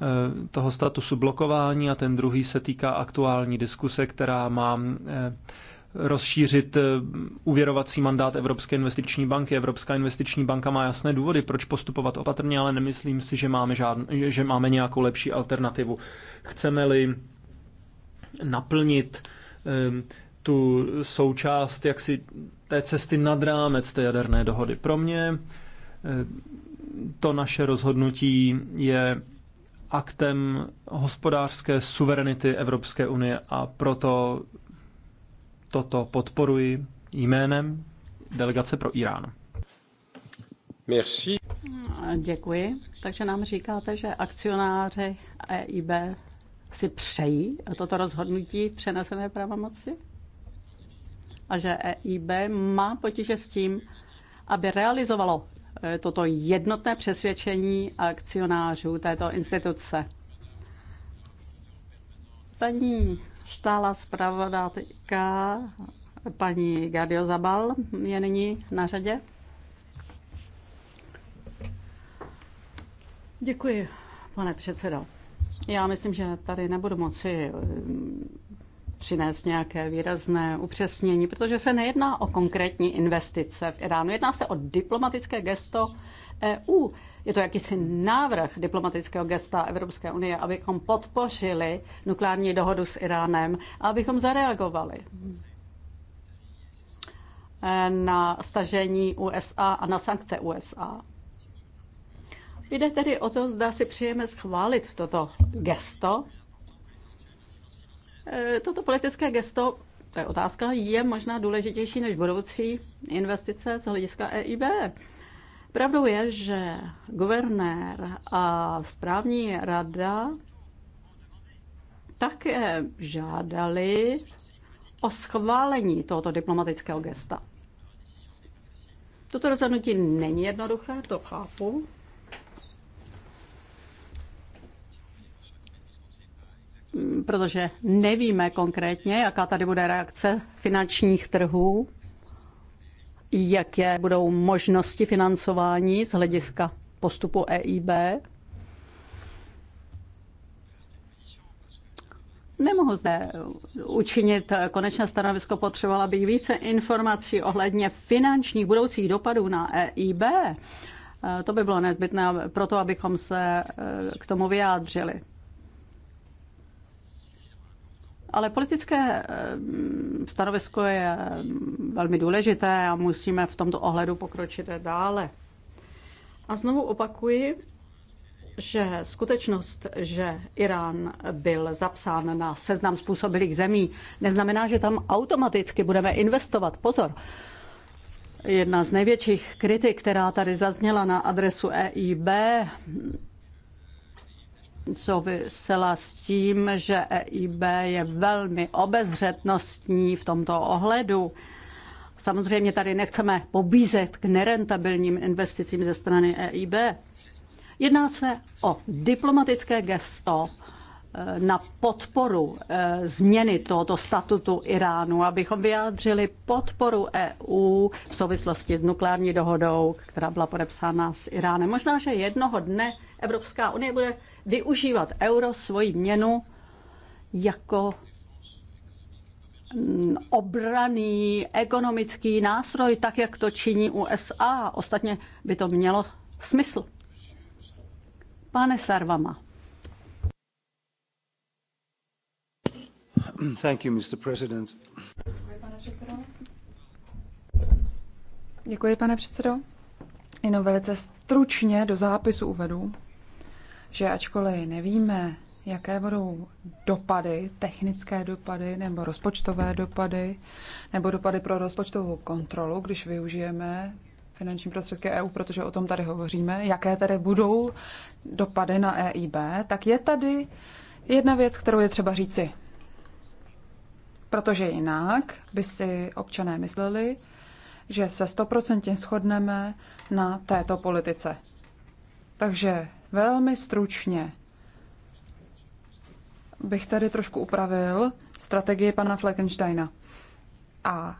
Eh, toho statusu blokování a ten druhý se týká aktuální diskuse, která má eh, rozšířit eh, uvěrovací mandát Evropské investiční banky. Evropská investiční banka má jasné důvody, proč postupovat opatrně, ale nemyslím si, že máme, žádn, že máme nějakou lepší alternativu. Chceme-li naplnit tu součást jaksi té cesty nad rámec té jaderné dohody. Pro mě to naše rozhodnutí je aktem hospodářské suverenity Evropské unie a proto toto podporuji jménem delegace pro Irán. Merci. Děkuji. Takže nám říkáte, že akcionáři EIB si přejí toto rozhodnutí v přenesené pravomoci? A že EIB má potíže s tím, aby realizovalo Eh, toto jednotné přesvědčení akcionářů této instituce. Paní stála zpravodajka, paní Gardio Zabal je nyní na řadě. Děkuji, pane předsedo. Já myslím, že tady nebudu moci přinést nějaké výrazné upřesnění, protože se nejedná o konkrétní investice v Iránu. Jedná se o diplomatické gesto EU. Je to jakýsi návrh diplomatického gesta Evropské unie, abychom podpořili nukleární dohodu s Iránem a abychom zareagovali na stažení USA a na sankce USA. Jde tedy o to, zda si přijeme schválit toto gesto Eh, toto politické gesto, to je otázka, je možná důležitější než budoucí investice z hlediska EIB. Pravdou je, že guvernér a správní rada také žádali o schválení tohoto diplomatického gesta. Toto rozhodnutí není jednoduché, to chápu, protože nevíme konkrétně, jaká tady bude reakce finančních trhů, jaké budou možnosti financování z hlediska postupu EIB. Nemohu zde učinit konečné stanovisko, potřebovala bych více informací ohledně finančních budoucích dopadů na EIB. To by bylo nezbytné pro to, abychom se k tomu vyjádřili ale politické eh, stanovisko je velmi důležité a musíme v tomto ohledu pokročit dále. A znovu opakuji, že skutečnost, že Irán byl zapsán na seznam způsobilých zemí, neznamená, že tam automaticky budeme investovat. Pozor. Jedna z největších kritik, která tady zazněla na adresu EIB, souvisela s tím, že EIB je velmi obezřetnostní v tomto ohledu. Samozřejmě tady nechceme pobízet k nerentabilním investicím ze strany EIB. Jedná se o diplomatické gesto na podporu eh, změny tohoto statutu Iránu, abychom vyjádřili podporu EU v souvislosti s nukleární dohodou, která byla podepsána s Iránem. Možná, že jednoho dne Evropská unie bude využívat euro, svoji měnu, jako obraný ekonomický nástroj, tak jak to činí USA. Ostatně by to mělo smysl. Pane Sarvama, Děkuji, pane předsedo. Jenom velice stručně do zápisu uvedu, že ačkoliv nevíme, jaké budou dopady, technické dopady nebo rozpočtové dopady, nebo dopady pro rozpočtovou kontrolu, když využijeme finanční prostředky EU, protože o tom tady hovoříme, jaké tady budou dopady na EIB, tak je tady jedna věc, kterou je třeba říci. Protože jinak by si občané mysleli, že se stoprocentně shodneme na této politice. Takže velmi stručně bych tady trošku upravil strategii pana Fleckensteina. A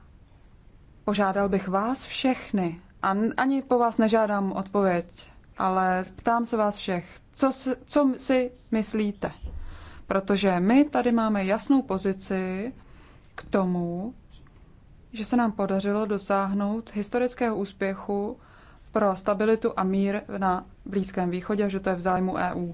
požádal bych vás všechny, a ani po vás nežádám odpověď, ale ptám se vás všech, co si, co si myslíte? Protože my tady máme jasnou pozici k tomu, že se nám podařilo dosáhnout historického úspěchu pro stabilitu a mír na Blízkém východě že to je v zájmu EU.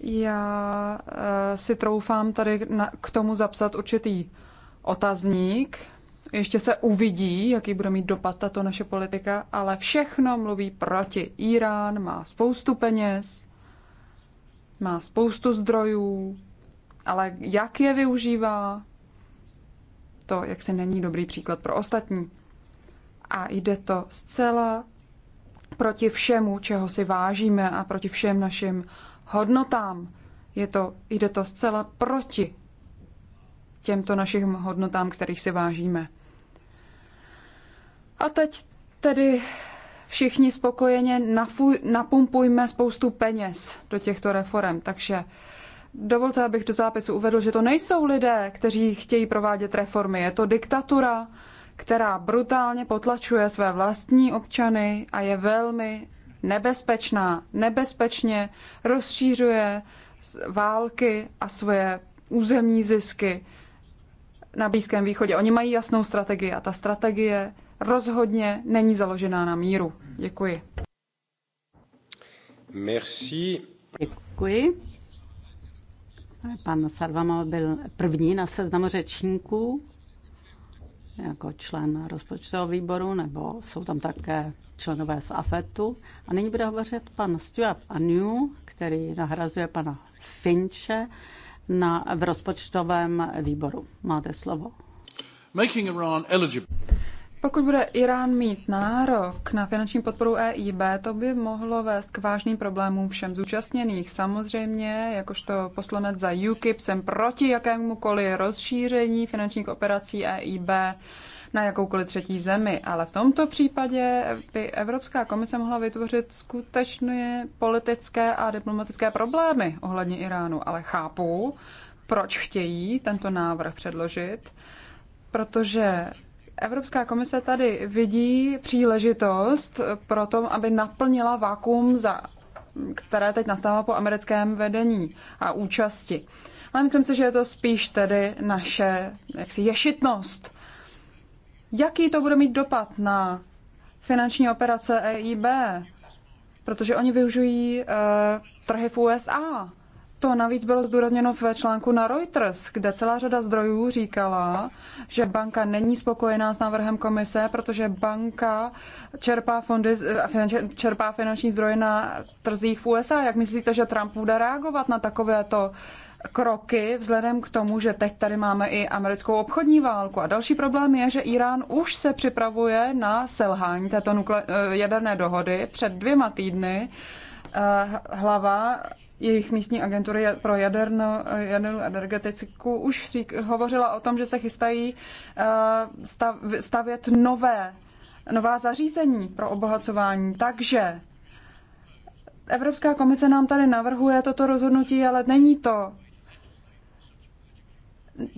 Já eh, si troufám tady k tomu zapsat určitý otazník. Ještě se uvidí, jaký bude mít dopad tato naše politika, ale všechno mluví proti. Irán má spoustu peněz, má spoustu zdrojů, ale jak je využívá, to jaksi není dobrý příklad pro ostatní. A jde to zcela proti všemu, čeho si vážíme a proti všem našim hodnotám. Je to, jde to zcela proti těmto našim hodnotám, kterých si vážíme. A teď tedy všichni spokojeně nafuj, napumpujme spoustu peněz do těchto reform. Takže dovolte, abych do zápisu uvedl, že to nejsou lidé, kteří chtějí provádět reformy. Je to diktatura, která brutálně potlačuje své vlastní občany a je velmi nebezpečná. Nebezpečně rozšířuje války a svoje územní zisky na Blízkém východě. Oni mají jasnou strategii a ta strategie rozhodně není založená na míru. Děkuji. Merci. Děkuji. Pan Sarvama byl první na seznamu řečníků jako člen rozpočtového výboru, nebo jsou tam také členové z AFETu. A nyní bude hovořit pan Stuart Anu, který nahrazuje pana Finče na, v rozpočtovém výboru. Máte slovo. Making Iran eligible. Pokud bude Irán mít nárok na finanční podporu EIB, to by mohlo vést k vážným problémům všem zúčastněných. Samozřejmě, jakožto poslanec za UKIP, jsem proti jakémukoliv rozšíření finančních operací EIB na jakoukoliv třetí zemi, ale v tomto případě by Evropská komise mohla vytvořit skutečně politické a diplomatické problémy ohledně Iránu, ale chápu, proč chtějí tento návrh předložit, protože Evropská komise tady vidí příležitost pro to, aby naplnila vákum, za, které teď nastává po americkém vedení a účasti. Ale myslím si, že je to spíš tedy naše jaksi ješitnost. Jaký to bude mít dopad na finanční operace EIB? Protože oni využijí uh, eh, trhy v USA to navíc bylo zdůrazněno v článku na Reuters, kde celá řada zdrojů říkala, že banka není spokojená s návrhem komise, protože banka čerpá, fondy, eh, čerpá finanční zdroje na trzích v USA. Jak myslíte, že Trump bude reagovat na takovéto kroky, vzhledem k tomu, že teď tady máme i americkou obchodní válku. A další problém je, že Irán už se připravuje na selhání této nukle- eh, jaderné dohody. Před dvěma týdny eh, hlava jejich místní agentury pro jadernou, jadernou energetiku už řík, hovořila o tom, že se chystají eh, stav, stavět nové, nová zařízení pro obohacování. Takže Evropská komise nám tady navrhuje toto rozhodnutí, ale není to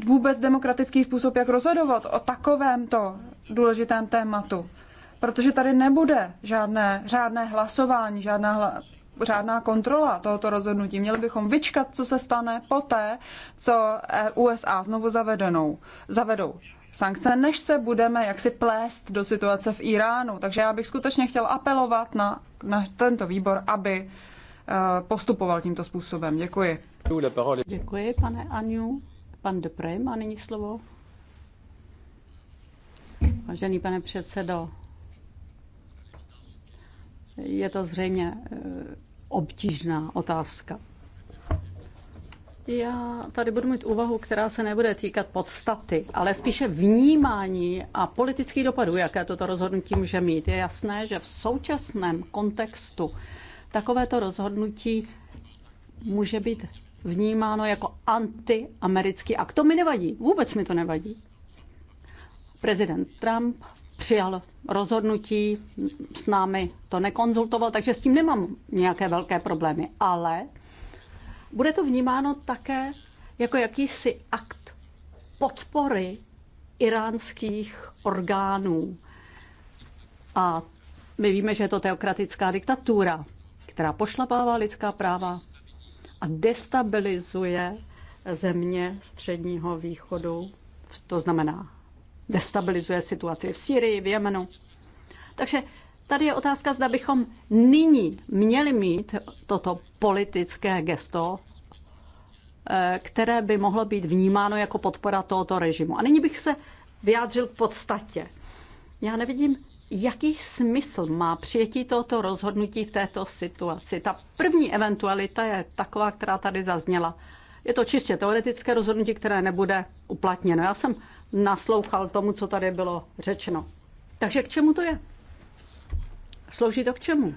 vůbec demokratický způsob, jak rozhodovat o takovémto důležitém tématu. Protože tady nebude žádné řádné hlasování, žádná hla, řádná kontrola tohoto rozhodnutí. Měli bychom vyčkat, co se stane poté, co USA znovu zavedenou, zavedou sankce, než se budeme jaksi plést do situace v Iránu. Takže já bych skutečně chtěl apelovat na, na tento výbor, aby eh, postupoval tímto způsobem. Děkuji. Děkuji, pane Aniu. Pan Depré má nyní slovo. Vážený pane předsedo, je to zřejmě eh, obtížná otázka. Já tady budu mít úvahu, která se nebude týkat podstaty, ale spíše vnímání a politických dopadů, jaké toto rozhodnutí může mít. Je jasné, že v současném kontextu takovéto rozhodnutí může být vnímáno jako antiamerický A To mi nevadí, vůbec mi to nevadí. Prezident Trump přijal rozhodnutí, s námi to nekonzultoval, takže s tím nemám nějaké velké problémy. Ale bude to vnímáno také jako jakýsi akt podpory iránských orgánů. A my víme, že je to teokratická diktatura, která pošlapává lidská práva a destabilizuje země středního východu, to znamená destabilizuje situaci v Syrii, v Jemenu. Takže tady je otázka, zda bychom nyní měli mít toto politické gesto, eh, které by mohlo být vnímáno jako podpora tohoto režimu. A nyní bych se vyjádřil k podstatě. Já nevidím, jaký smysl má přijetí tohoto rozhodnutí v této situaci. Ta první eventualita je taková, která tady zazněla. Je to čistě teoretické rozhodnutí, které nebude uplatněno. Já jsem naslouchal tomu, co tady bylo řečeno. Takže k čemu to je? Slouží to k čemu?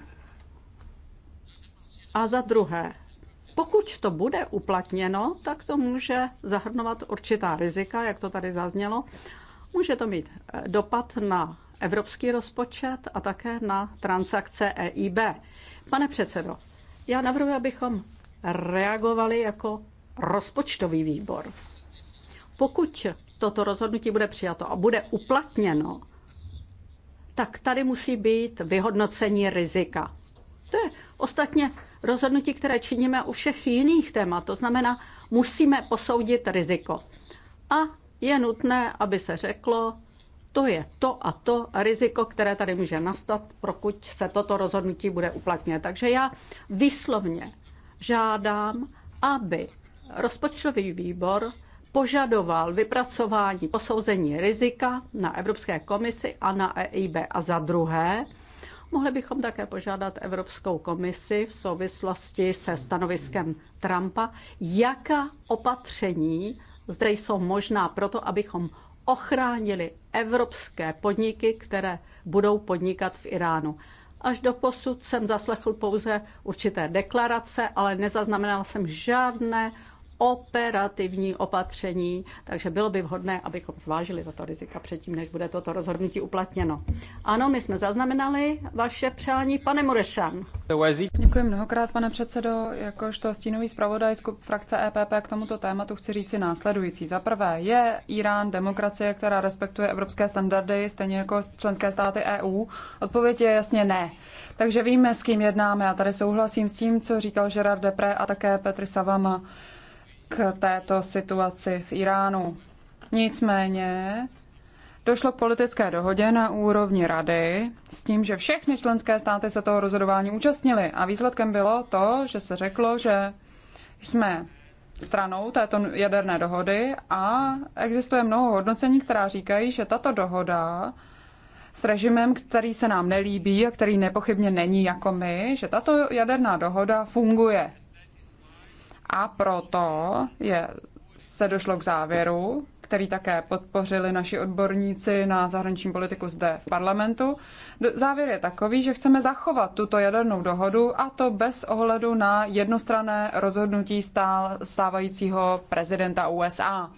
A za druhé, pokud to bude uplatněno, tak to může zahrnovat určitá rizika, jak to tady zaznělo. Může to mít eh, dopad na evropský rozpočet a také na transakce EIB. Pane předsedo, já navrhuji, abychom reagovali jako rozpočtový výbor. Pokud toto rozhodnutí bude přijato a bude uplatněno, tak tady musí být vyhodnocení rizika. To je ostatně rozhodnutí, které činíme u všech jiných témat. To znamená, musíme posoudit riziko. A je nutné, aby se řeklo, to je to a to riziko, které tady může nastat, pokud se toto rozhodnutí bude uplatněno. Takže já vyslovně žádám, aby rozpočtový výbor požadoval vypracování posouzení rizika na Evropské komisi a na EIB. A za druhé, mohli bychom také požádat Evropskou komisi v souvislosti se stanoviskem Trumpa, jaká opatření zde jsou možná proto, abychom ochránili evropské podniky, které budou podnikat v Iránu. Až do posud jsem zaslechl pouze určité deklarace, ale nezaznamenal jsem žádné operativní opatření, takže bylo by vhodné, abychom zvážili tato rizika předtím, než bude toto rozhodnutí uplatněno. Ano, my jsme zaznamenali vaše přání, pane Murešan. Děkuji mnohokrát, pane předsedo. Jakožto stínový zpravodaj frakce EPP k tomuto tématu chci říci následující. Za prvé, je Irán demokracie, která respektuje evropské standardy, stejně jako členské státy EU? Odpověď je jasně ne. Takže víme, s kým jednáme. Já tady souhlasím s tím, co říkal Gerard Depré a také Petr Savama k této situaci v Iránu. Nicméně došlo k politické dohodě na úrovni rady s tím, že všechny členské státy se toho rozhodování účastnily. A výsledkem bylo to, že se řeklo, že jsme stranou této jaderné dohody a existuje mnoho hodnocení, která říkají, že tato dohoda s režimem, který se nám nelíbí a který nepochybně není jako my, že tato jaderná dohoda funguje a proto je, se došlo k závěru, který také podpořili naši odborníci na zahraniční politiku zde v parlamentu. Závěr je takový, že chceme zachovat tuto jadernou dohodu a to bez ohledu na jednostrané rozhodnutí stál, stávajícího prezidenta USA.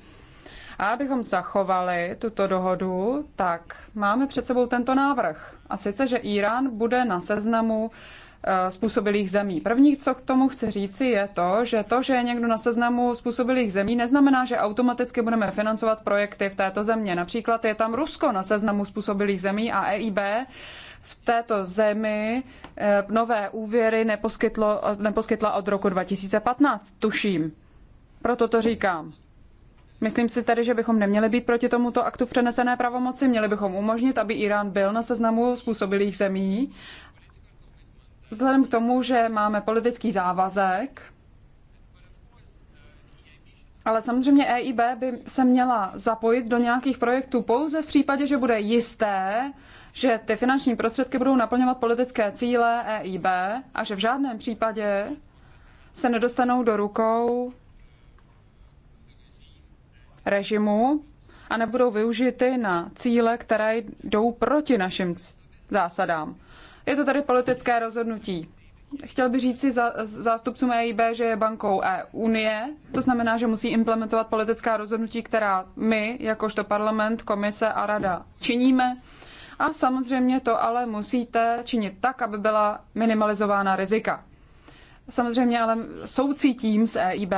A abychom zachovali tuto dohodu, tak máme před sebou tento návrh. A sice, že Irán bude na seznamu Eh, způsobilých zemí. První, co k tomu chci říci, je to, že to, že je někdo na seznamu způsobilých zemí, neznamená, že automaticky budeme financovat projekty v této země. Například je tam Rusko na seznamu způsobilých zemí a EIB v této zemi eh, nové úvěry neposkytlo, neposkytla od roku 2015, tuším. Proto to říkám. Myslím si tedy, že bychom neměli být proti tomuto aktu v přenesené pravomoci, měli bychom umožnit, aby Irán byl na seznamu způsobilých zemí vzhledem k tomu, že máme politický závazek, ale samozřejmě EIB by se měla zapojit do nějakých projektů pouze v případě, že bude jisté, že ty finanční prostředky budou naplňovat politické cíle EIB a že v žádném případě se nedostanou do rukou režimu a nebudou využity na cíle, které jdou proti našim zásadám. Je to tady politické rozhodnutí. Chtěl bych říct si za, zástupcům EIB, že je bankou e Unie, to znamená, že musí implementovat politická rozhodnutí, která my, jakožto parlament, komise a rada, činíme. A samozřejmě to ale musíte činit tak, aby byla minimalizována rizika. Samozřejmě ale soucítím s EIB,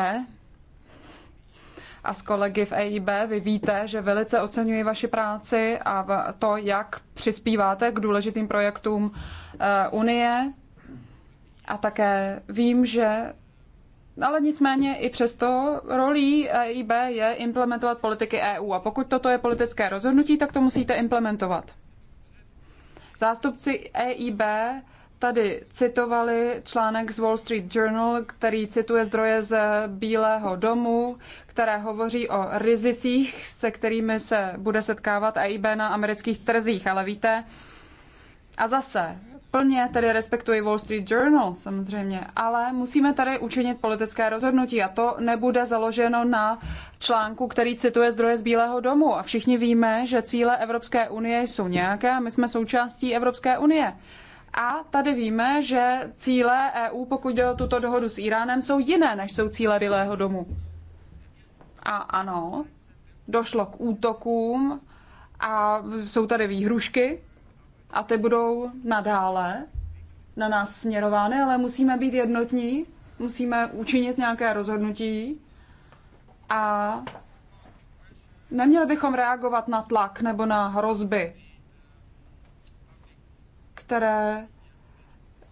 a s kolegy v EIB. Vy víte, že velice oceňuji vaši práci a to, jak přispíváte k důležitým projektům eh, Unie. A také vím, že ale nicméně i přesto rolí EIB je implementovat politiky EU. A pokud toto je politické rozhodnutí, tak to musíte implementovat. Zástupci EIB tady citovali článek z Wall Street Journal, který cituje zdroje z Bílého domu, které hovoří o rizicích, se kterými se bude setkávat EIB na amerických trzích, ale víte, a zase, plně tedy respektuji Wall Street Journal samozřejmě, ale musíme tady učinit politické rozhodnutí a to nebude založeno na článku, který cituje zdroje z Bílého domu. A všichni víme, že cíle Evropské unie jsou nějaké a my jsme součástí Evropské unie. A tady víme, že cíle EU, pokud jde o tuto dohodu s Iránem, jsou jiné, než jsou cíle Bílého domu. A ano, došlo k útokům a jsou tady výhrušky a ty budou nadále na nás směrovány, ale musíme být jednotní, musíme učinit nějaké rozhodnutí a neměli bychom reagovat na tlak nebo na hrozby, které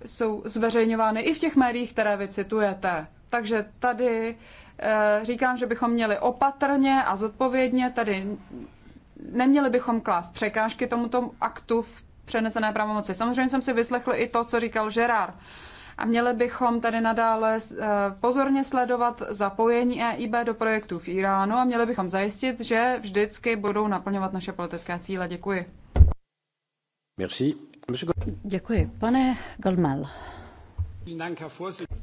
jsou zveřejňovány i v těch médiích, které vy citujete. Takže tady Eh, říkám, že bychom měli opatrně a zodpovědně tady neměli bychom klást překážky tomuto aktu v přenesené pravomoci. Samozřejmě jsem si vyslechl i to, co říkal Gerard. A měli bychom tady nadále eh, pozorně sledovat zapojení EIB do projektů v Iránu a měli bychom zajistit, že vždycky budou naplňovat naše politické cíle. Děkuji. Merci. Děkuji. Pane Galmel.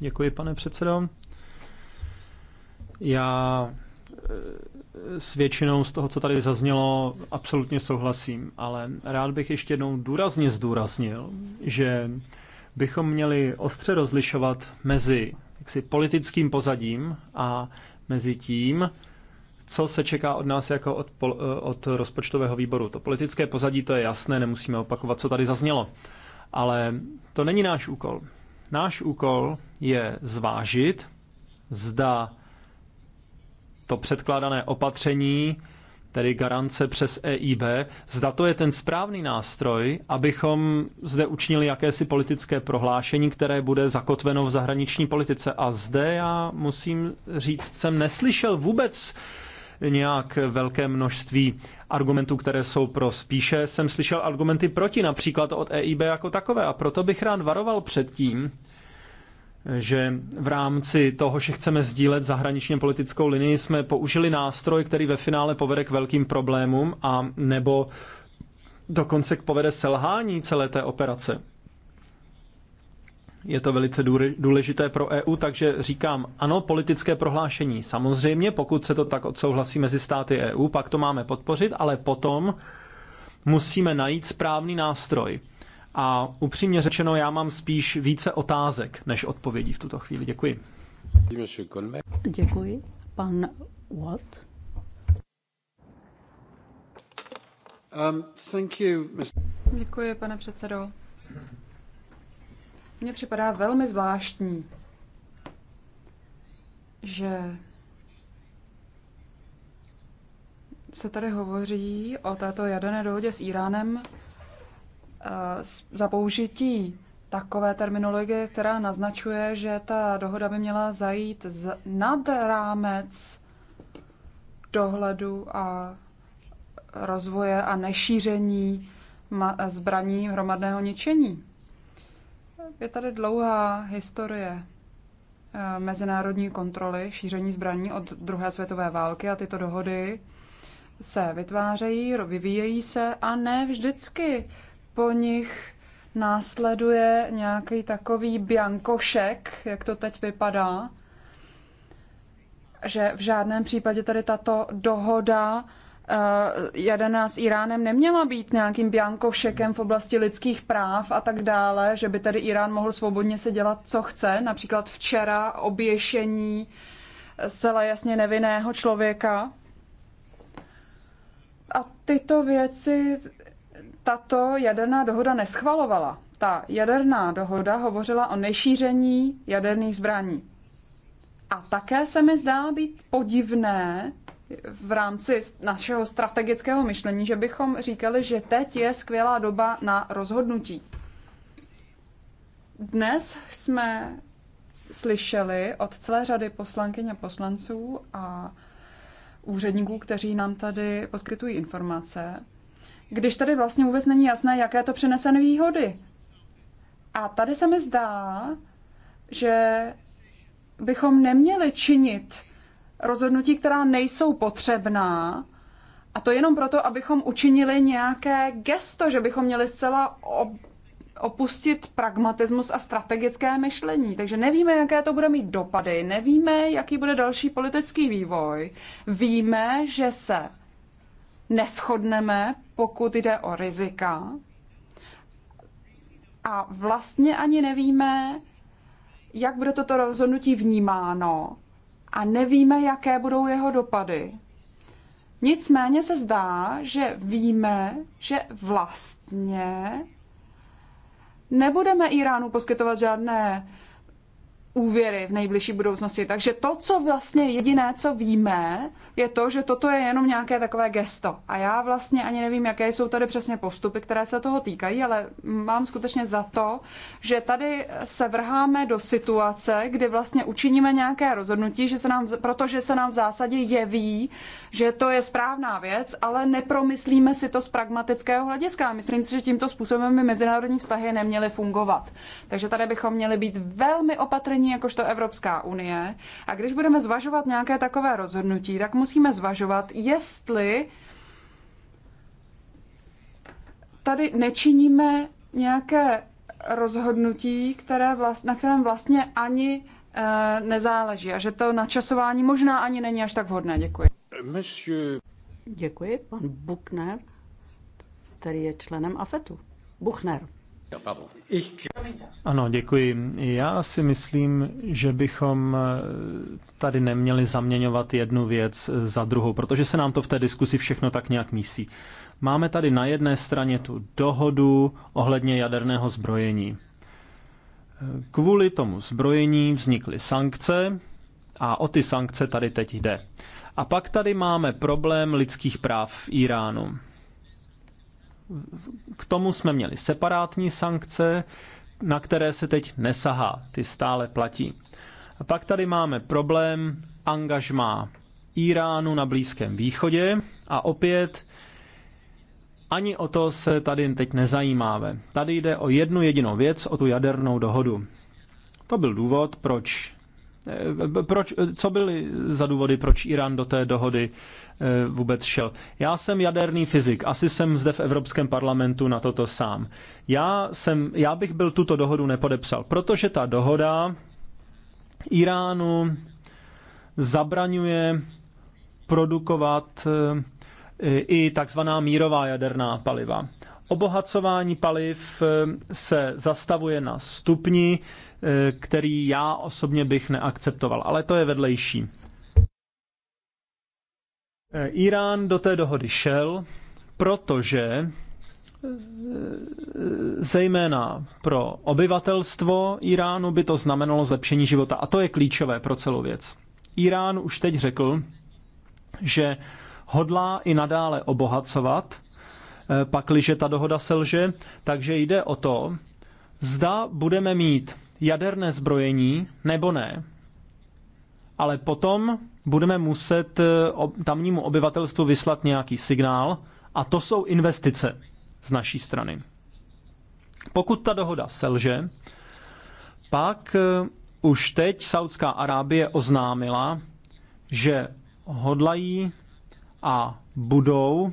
Děkuji, pane předsedo. Já eh, s většinou z toho, co tady zaznělo, absolutně souhlasím, ale rád bych ještě jednou důrazně zdůraznil, že bychom měli ostře rozlišovat mezi jaksi, politickým pozadím a mezi tím, co se čeká od nás jako od, eh, od rozpočtového výboru. To politické pozadí, to je jasné, nemusíme opakovat, co tady zaznělo. Ale to není náš úkol. Náš úkol je zvážit, zda to předkládané opatření, tedy garance přes EIB, zda to je ten správný nástroj, abychom zde učinili jakési politické prohlášení, které bude zakotveno v zahraniční politice. A zde já musím říct, jsem neslyšel vůbec nějak velké množství argumentů, které jsou pro. Spíše jsem slyšel argumenty proti, například od EIB jako takové. A proto bych rád varoval před tím, že v rámci toho, že chceme sdílet zahraničně politickou linii, jsme použili nástroj, který ve finále povede k velkým problémům a nebo dokonce k povede selhání celé té operace. Je to velice důležité pro EU, takže říkám ano, politické prohlášení. Samozřejmě, pokud se to tak odsouhlasí mezi státy EU, pak to máme podpořit, ale potom musíme najít správný nástroj a upřímně řečeno, já mám spíš více otázek než odpovědí v tuto chvíli. Děkuji. Děkuji. Pan Watt. Um, thank you, Mr. Děkuji, pane předsedo. Mně připadá velmi zvláštní, že se tady hovoří o této jaderné dohodě s Iránem Eh, za použití takové terminologie, která naznačuje, že ta dohoda by měla zajít z, nad rámec dohledu a rozvoje a nešíření eh, zbraní hromadného ničení. Je tady dlouhá historie eh, mezinárodní kontroly šíření zbraní od druhé světové války a tyto dohody se vytvářejí, vyvíjejí se a ne vždycky po nich následuje nějaký takový biankošek, jak to teď vypadá, že v žádném případě tady tato dohoda eh, jedená s Iránem neměla být nějakým biankošekem v oblasti lidských práv a tak dále, že by tady Irán mohl svobodně se dělat, co chce, například včera oběšení zcela jasně nevinného člověka. A tyto věci tato jaderná dohoda neschvalovala. Ta jaderná dohoda hovořila o nešíření jaderných zbraní. A také se mi zdá být podivné v rámci našeho strategického myšlení, že bychom říkali, že teď je skvělá doba na rozhodnutí. Dnes jsme slyšeli od celé řady poslankyň a poslanců a úředníků, kteří nám tady poskytují informace, když tady vlastně vůbec není jasné, jaké to přinese výhody. A tady se mi zdá, že bychom neměli činit rozhodnutí, která nejsou potřebná, a to jenom proto, abychom učinili nějaké gesto, že bychom měli zcela opustit pragmatismus a strategické myšlení. Takže nevíme, jaké to bude mít dopady, nevíme, jaký bude další politický vývoj. Víme, že se neschodneme pokud jde o rizika. A vlastně ani nevíme, jak bude toto rozhodnutí vnímáno a nevíme, jaké budou jeho dopady. Nicméně se zdá, že víme, že vlastně nebudeme Iránu poskytovat žádné úvěry v nejbližší budoucnosti. Takže to, co vlastně jediné, co víme, je to, že toto je jenom nějaké takové gesto. A já vlastně ani nevím, jaké jsou tady přesně postupy, které se toho týkají, ale mám skutečně za to, že tady se vrháme do situace, kdy vlastně učiníme nějaké rozhodnutí, že se nám, protože se nám v zásadě jeví, že to je správná věc, ale nepromyslíme si to z pragmatického hlediska. Myslím si, že tímto způsobem by mezinárodní vztahy neměly fungovat. Takže tady bychom měli být velmi opatrní jakožto Evropská unie. A když budeme zvažovat nějaké takové rozhodnutí, tak musíme zvažovat, jestli tady nečiníme nějaké rozhodnutí, které vlast, na kterém vlastně ani e, nezáleží a že to načasování možná ani není až tak vhodné. Děkuji. Monsieur... Děkuji. Pan Buchner, který je členem AFETu. Buchner. Ano, děkuji. Já si myslím, že bychom eh, tady neměli zaměňovat jednu věc eh, za druhou, protože se nám to v té diskusi všechno tak nějak mísí. Máme tady na jedné straně tu dohodu ohledně jaderného zbrojení. Eh, Kvůli tomu zbrojení vznikly sankce a o ty sankce tady teď jde. A pak tady máme problém lidských práv v Iránu. K tomu jsme měli separátní sankce, na které se teď nesahá, ty stále platí. A pak tady máme problém angažmá Iránu na Blízkém východě a opět ani o to se tady teď nezajímáme. Tady jde o jednu jedinou věc, o tu jadernou dohodu. To byl důvod, proč Eh, proč, eh, co byly za důvody, proč Irán do té dohody eh, vůbec šel. Já jsem jaderný fyzik, asi jsem zde v Evropském parlamentu na toto sám. Já, jsem, já bych byl tuto dohodu nepodepsal, protože ta dohoda Iránu zabraňuje produkovat i takzvaná mírová jaderná paliva. Obohacování paliv se zastavuje na stupni, Eh, který já osobně bych neakceptoval, ale to je vedlejší. Eh, Irán do té dohody šel, protože eh, zejména pro obyvatelstvo Iránu by to znamenalo zlepšení života. A to je klíčové pro celou věc. Irán už teď řekl, že hodlá i nadále obohacovat, pakliže ta dohoda selže, takže jde o to, zda budeme mít jaderné zbrojení nebo ne. Ale potom budeme muset eh, tamnímu obyvatelstvu vyslat nějaký signál a to jsou investice z naší strany. Pokud ta dohoda selže, pak eh, už teď Saudská Arábie oznámila, že hodlají a budou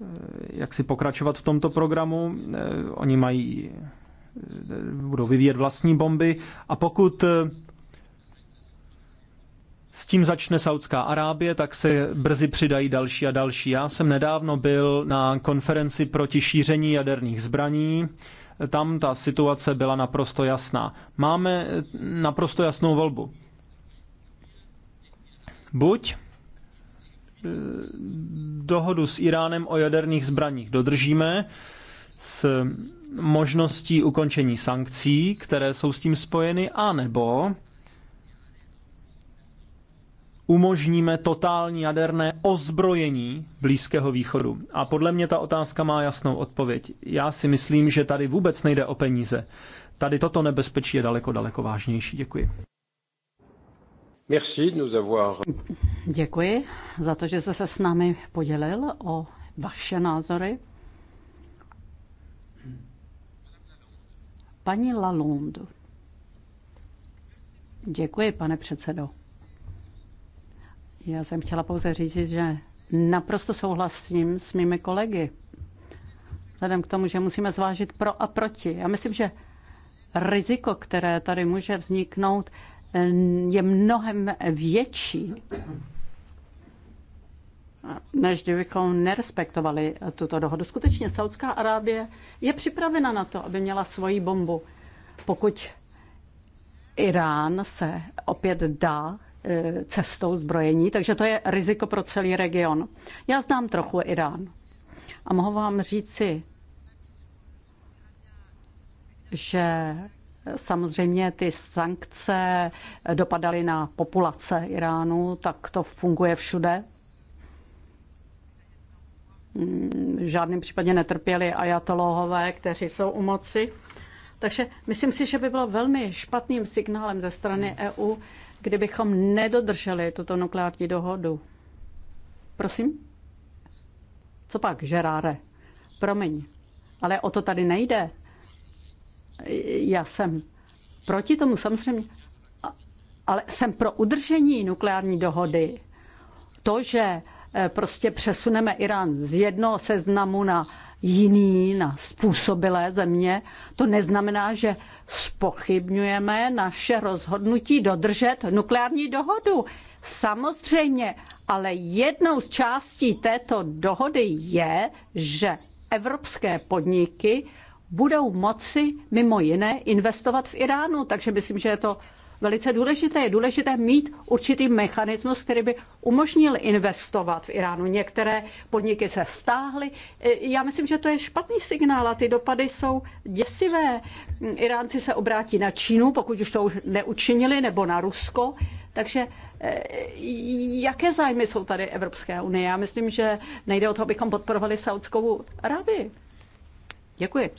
Eh, jak si pokračovat v tomto programu. Eh, oni mají, eh, budou vyvíjet vlastní bomby a pokud s tím začne Saudská Arábie, tak se brzy přidají další a další. Já jsem nedávno byl na konferenci proti šíření jaderných zbraní. Tam ta situace byla naprosto jasná. Máme naprosto jasnou volbu. Buď dohodu s Iránem o jaderných zbraních dodržíme s možností ukončení sankcí, které jsou s tím spojeny, anebo umožníme totální jaderné ozbrojení Blízkého východu? A podle mě ta otázka má jasnou odpověď. Já si myslím, že tady vůbec nejde o peníze. Tady toto nebezpečí je daleko, daleko vážnější. Děkuji. Merci de nous avoir... Děkuji za to, že jste se s námi podělil o vaše názory. Paní Lalonde. Děkuji, pane předsedo. Já jsem chtěla pouze říct, že naprosto souhlasím s mými kolegy. Vzhledem k tomu, že musíme zvážit pro a proti. Já myslím, že riziko, které tady může vzniknout, je mnohem větší než kdybychom nerespektovali tuto dohodu. Skutečně Saudská Arábie je připravena na to, aby měla svoji bombu. Pokud Irán se opět dá e, cestou zbrojení, takže to je riziko pro celý region. Já znám trochu Irán a mohu vám říci, že samozřejmě ty sankce dopadaly na populace Iránu, tak to funguje všude v žádném případě netrpěli ajatolohové, kteří jsou u moci. Takže myslím si, že by bylo velmi špatným signálem ze strany EU, kdybychom nedodrželi tuto nukleární dohodu. Prosím? Co pak, Žeráre? Promiň, ale o to tady nejde. Já jsem proti tomu samozřejmě, ale jsem pro udržení nukleární dohody. To, že Eh, prostě přesuneme Irán z jednoho seznamu na jiný, na způsobilé země, to neznamená, že spochybňujeme naše rozhodnutí dodržet nukleární dohodu. Samozřejmě, ale jednou z částí této dohody je, že evropské podniky budou moci mimo jiné investovat v Iránu, takže myslím, že je to velice důležité. Je důležité mít určitý mechanismus, který by umožnil investovat v Iránu. Některé podniky se stáhly. Já myslím, že to je špatný signál a ty dopady jsou děsivé. Iránci se obrátí na Čínu, pokud už to už neučinili, nebo na Rusko. Takže eh, jaké zájmy jsou tady Evropské unie? Já myslím, že nejde o to, abychom podporovali Saudskou Arabii. Děkuji.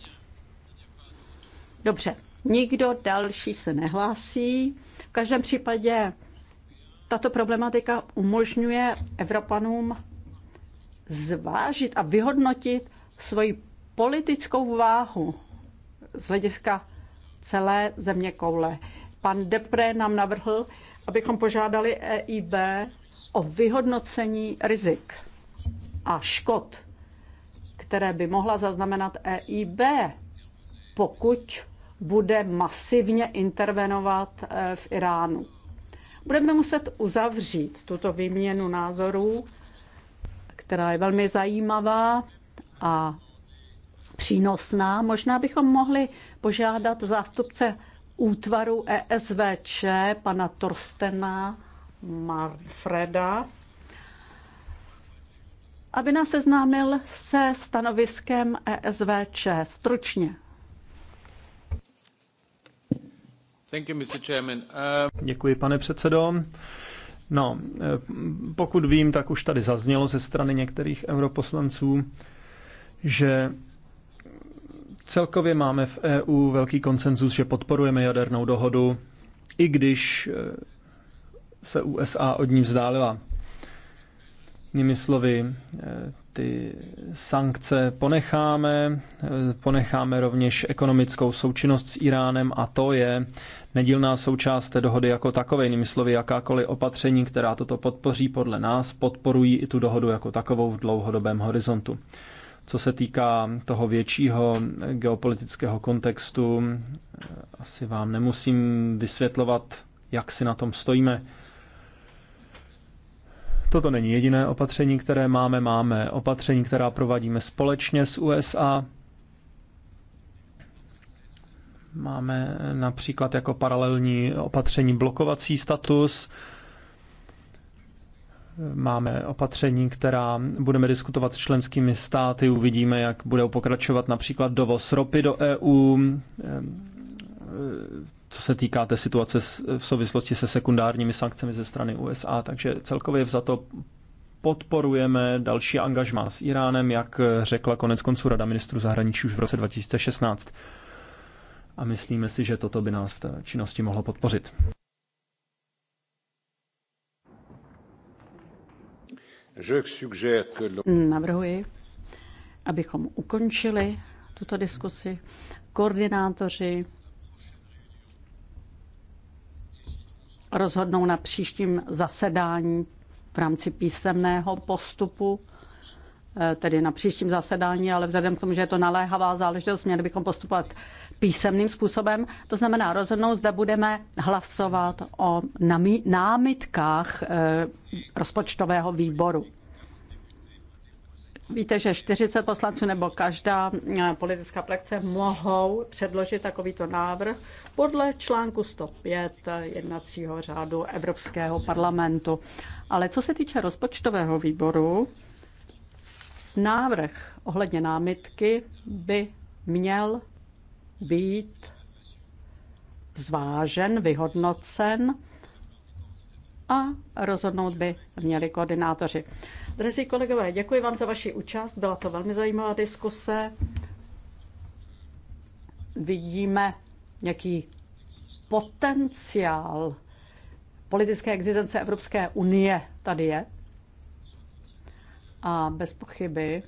Dobře, Nikdo další se nehlásí. V každém případě tato problematika umožňuje Evropanům zvážit a vyhodnotit svoji politickou váhu z hlediska celé země koule. Pan Depré nám navrhl, abychom požádali EIB o vyhodnocení rizik a škod, které by mohla zaznamenat EIB, pokud bude masivně intervenovat eh, v Iránu. Budeme muset uzavřít tuto výměnu názorů, která je velmi zajímavá a přínosná. Možná bychom mohli požádat zástupce útvaru ESVČ, pana Torstena Marfreda, aby nás seznámil se stanoviskem ESVČ stručně Uh, Děkuji, pane předsedo. No, eh, pokud vím, tak už tady zaznělo ze strany některých europoslanců, že celkově máme v EU velký konsenzus, že podporujeme jadernou dohodu, i když eh, se USA od ní vzdálila. Nými slovy, eh, ty sankce ponecháme, ponecháme rovněž ekonomickou součinnost s Iránem a to je nedílná součást té dohody jako takové. Jinými slovy, jakákoliv opatření, která toto podpoří podle nás, podporují i tu dohodu jako takovou v dlouhodobém horizontu. Co se týká toho většího geopolitického kontextu, asi vám nemusím vysvětlovat, jak si na tom stojíme. Toto není jediné opatření, které máme. Máme opatření, která provádíme společně s USA. Máme například jako paralelní opatření blokovací status, Máme opatření, která budeme diskutovat s členskými státy, uvidíme, jak bude pokračovat například dovoz ropy do EU, eh, co se týká té situace v souvislosti se sekundárními sankcemi ze strany USA. Takže celkově za to podporujeme další angažmá s Iránem, jak řekla konec konců Rada ministrů zahraničí už v roce 2016 a myslíme si, že toto by nás v té činnosti mohlo podpořit. Navrhuji, abychom ukončili tuto diskusi. Koordinátoři rozhodnou na příštím zasedání v rámci písemného postupu, eh, tedy na příštím zasedání, ale vzhledem k tomu, že je to naléhavá záležitost, měli bychom postupovat písemným způsobem, to znamená rozhodnout, zda budeme hlasovat o námitkách eh, rozpočtového výboru. Víte, že 40 poslanců nebo každá eh, politická frakce mohou předložit takovýto návrh podle článku 105 jednacího řádu Evropského parlamentu. Ale co se týče rozpočtového výboru, návrh ohledně námitky by měl být zvážen, vyhodnocen a rozhodnout by měli koordinátoři. Drazí kolegové, děkuji vám za vaši účast, byla to velmi zajímavá diskuse. Vidíme, jaký potenciál politické existence Evropské unie tady je. A bez pochyby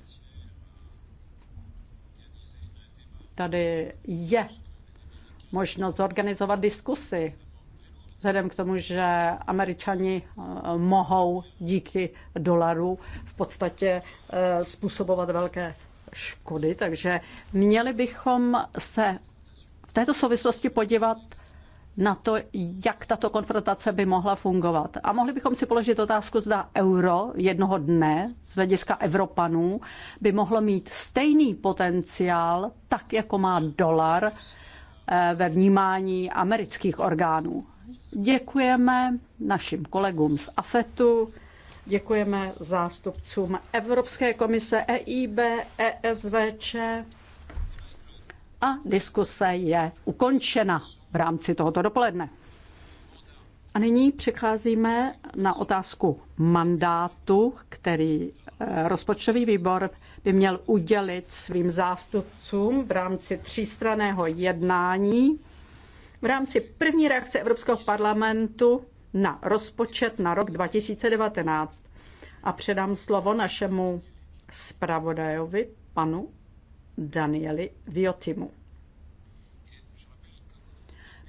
tady je možnost zorganizovat diskusy, vzhledem k tomu, že američani eh, mohou díky dolaru v podstatě eh, způsobovat velké škody, takže měli bychom se v této souvislosti podívat na to, jak tato konfrontace by mohla fungovat. A mohli bychom si položit otázku, zda euro jednoho dne z hlediska Evropanů by mohlo mít stejný potenciál, tak jako má dolar eh, ve vnímání amerických orgánů. Děkujeme našim kolegům z AFETu, děkujeme zástupcům Evropské komise EIB, ESVČ a diskuse je ukončena v rámci tohoto dopoledne. A nyní přicházíme na otázku mandátu, který eh, rozpočtový výbor by měl udělit svým zástupcům v rámci třístraného jednání v rámci první reakce Evropského parlamentu na rozpočet na rok 2019. A předám slovo našemu zpravodajovi, panu Danieli Viotimu.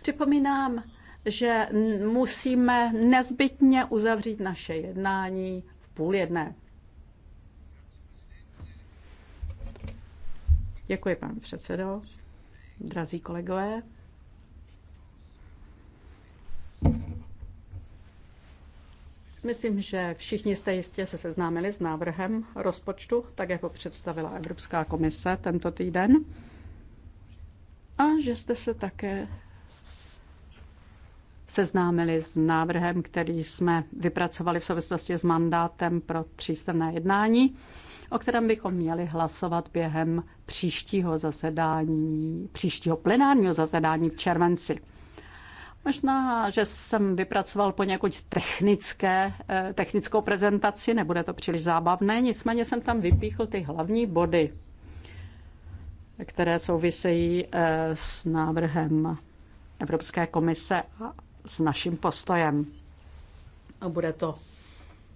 Připomínám, že musíme nezbytně uzavřít naše jednání v půl jedné. Děkuji, pane předsedo. Drazí kolegové. Myslím, že všichni jste jistě se seznámili s návrhem rozpočtu, tak jako představila Evropská komise tento týden, a že jste se také seznámili s návrhem, který jsme vypracovali v souvislosti s mandátem pro třístranné jednání, o kterém bychom měli hlasovat během příštího zasedání, příštího plenárního zasedání v červenci. Možná, že jsem vypracoval poněkud technické, eh, technickou prezentaci, nebude to příliš zábavné, nicméně jsem tam vypíchl ty hlavní body, které souvisejí eh, s návrhem Evropské komise a s naším postojem. A bude to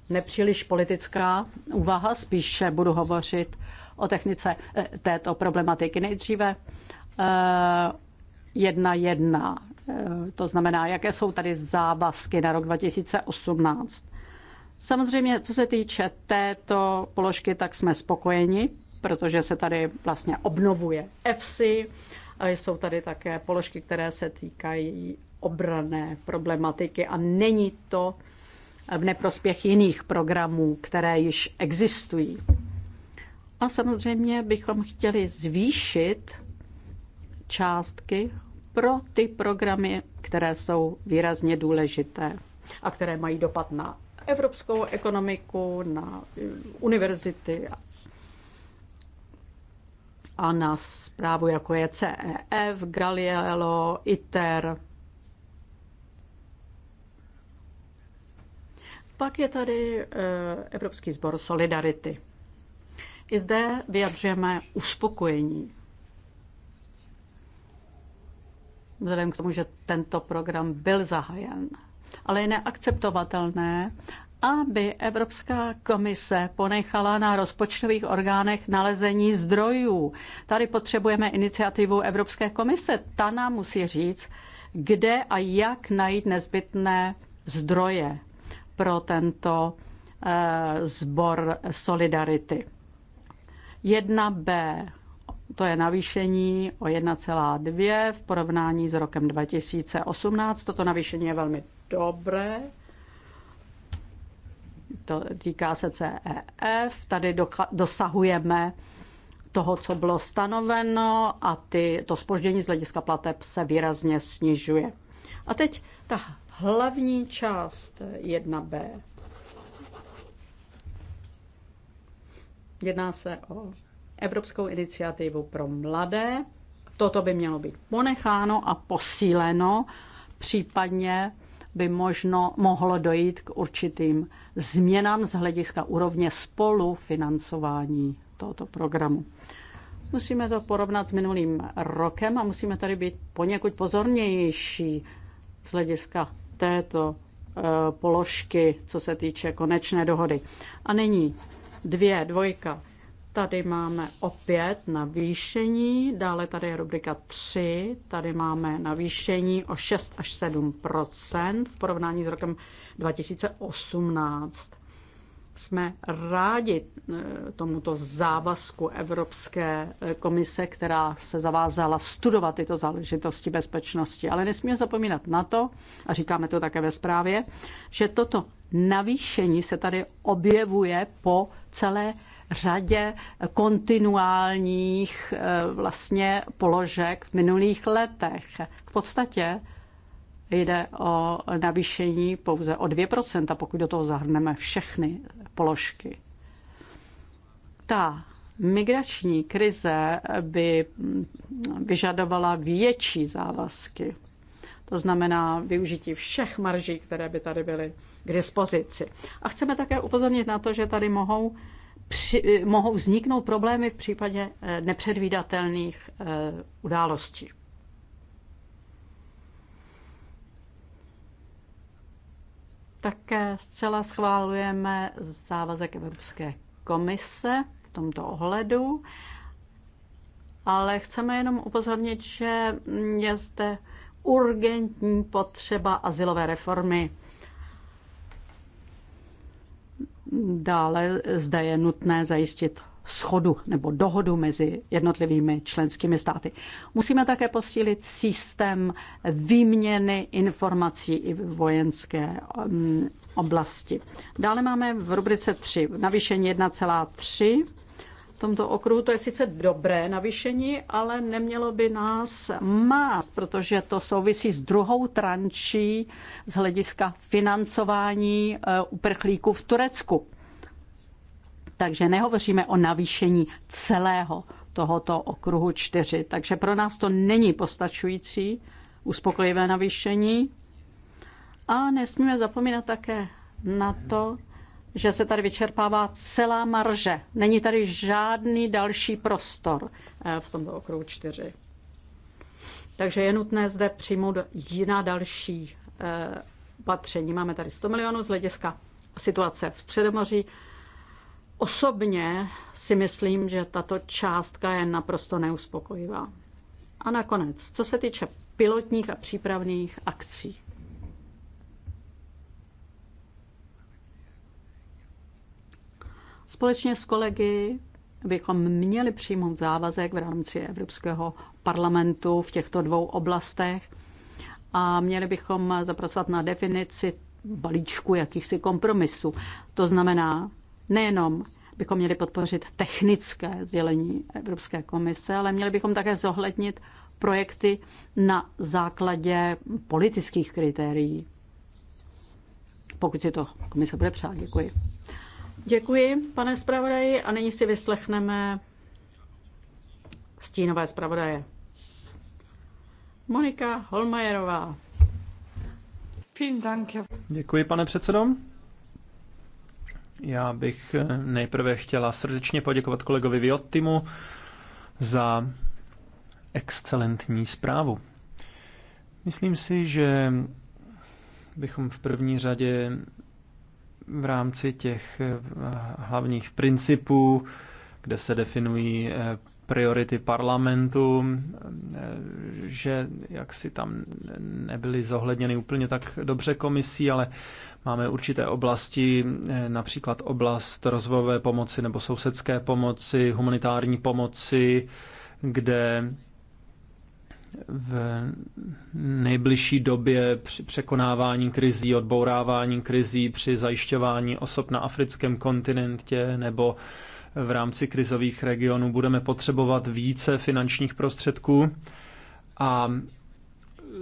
nepříliš politická úvaha, spíše budu hovořit o technice eh, této problematiky. Nejdříve eh, jedna jedna, eh, to znamená, jaké jsou tady závazky na rok 2018. Samozřejmě, co se týče této položky, tak jsme spokojeni, protože se tady vlastně obnovuje EFSI, jsou tady také položky, které se týkají obrané problematiky a není to v neprospěch jiných programů, které již existují. A samozřejmě bychom chtěli zvýšit částky pro ty programy, které jsou výrazně důležité a které mají dopad na evropskou ekonomiku, na eh, univerzity a na zprávu, jako je CEF, Galileo, ITER Pak je tady eh, Evropský sbor Solidarity. I zde vyjadřujeme uspokojení. Vzhledem k tomu, že tento program byl zahajen. Ale je neakceptovatelné, aby Evropská komise ponechala na rozpočtových orgánech nalezení zdrojů. Tady potřebujeme iniciativu Evropské komise. Ta nám musí říct, kde a jak najít nezbytné zdroje pro tento eh, sbor Solidarity. 1B, to je navýšení o 1,2 v porovnání s rokem 2018. Toto navýšení je velmi dobré. To týká se CEF. Tady dosahujeme toho, co bylo stanoveno a ty, to spoždění z hlediska plateb se výrazně snižuje. A teď ta hlavní část 1b. Jedná se o Evropskou iniciativu pro mladé. Toto by mělo být ponecháno a posíleno, případně by možno mohlo dojít k určitým změnám z hlediska úrovně spolufinancování tohoto programu. Musíme to porovnat s minulým rokem a musíme tady být poněkud pozornější z hlediska této eh, položky, co se týče konečné dohody. A nyní dvě, dvojka. Tady máme opět navýšení, dále tady je rubrika 3, tady máme navýšení o 6 až 7 v porovnání s rokem 2018 jsme rádi eh, tomuto závazku Evropské eh, komise, která se zavázala studovat tyto záležitosti bezpečnosti. Ale nesmíme zapomínat na to, a říkáme to také ve zprávě, že toto navýšení se tady objevuje po celé řadě kontinuálních eh, vlastně položek v minulých letech. V podstatě jde o navýšení pouze o 2%, pokud do toho zahrneme všechny položky. Ta migrační krize by vyžadovala větší závazky. To znamená využití všech marží, které by tady byly k dispozici. A chceme také upozornit na to, že tady mohou, při, mohou vzniknout problémy v případě eh, nepředvídatelných eh, událostí. Také zcela schválujeme závazek Evropské komise v tomto ohledu, ale chceme jenom upozornit, že je zde urgentní potřeba asilové reformy. Dále zde je nutné zajistit schodu nebo dohodu mezi jednotlivými členskými státy. Musíme také posílit systém výměny informací i v vojenské mm, oblasti. Dále máme v rubrice 3 navýšení 1,3 v tomto okruhu. To je sice dobré navýšení, ale nemělo by nás mást, protože to souvisí s druhou trančí z hlediska financování e, uprchlíků v Turecku. Takže nehovoříme o navýšení celého tohoto okruhu 4. Takže pro nás to není postačující uspokojivé navýšení. A nesmíme zapomínat také na to, že se tady vyčerpává celá marže. Není tady žádný další prostor eh, v tomto okruhu 4. Takže je nutné zde přijmout jiná další eh, patření. Máme tady 100 milionů z hlediska situace v Středomoří Osobně si myslím, že tato částka je naprosto neuspokojivá. A nakonec, co se týče pilotních a přípravných akcí. Společně s kolegy bychom měli přijmout závazek v rámci Evropského parlamentu v těchto dvou oblastech a měli bychom zapracovat na definici balíčku jakýchsi kompromisů. To znamená, Nejenom bychom měli podpořit technické sdělení Evropské komise, ale měli bychom také zohlednit projekty na základě politických kritérií. Pokud si to komise bude přát, děkuji. Děkuji, pane zpravodaji, a nyní si vyslechneme stínové zpravodaje. Monika Holmajerová. Děkuji, pane předsedo. Já bych eh, nejprve chtěla srdečně poděkovat kolegovi Viottimu za excelentní zprávu. Myslím si, že bychom v první řadě v rámci těch eh, hlavních principů, kde se definují eh, priority parlamentu, že jak si tam nebyly zohledněny úplně tak dobře komisí, ale Máme určité oblasti, eh, například oblast rozvojové pomoci nebo sousedské pomoci, humanitární pomoci, kde v nejbližší době při překonávání krizí, odbourávání krizí, při zajišťování osob na africkém kontinentě nebo v rámci krizových regionů budeme potřebovat více finančních prostředků a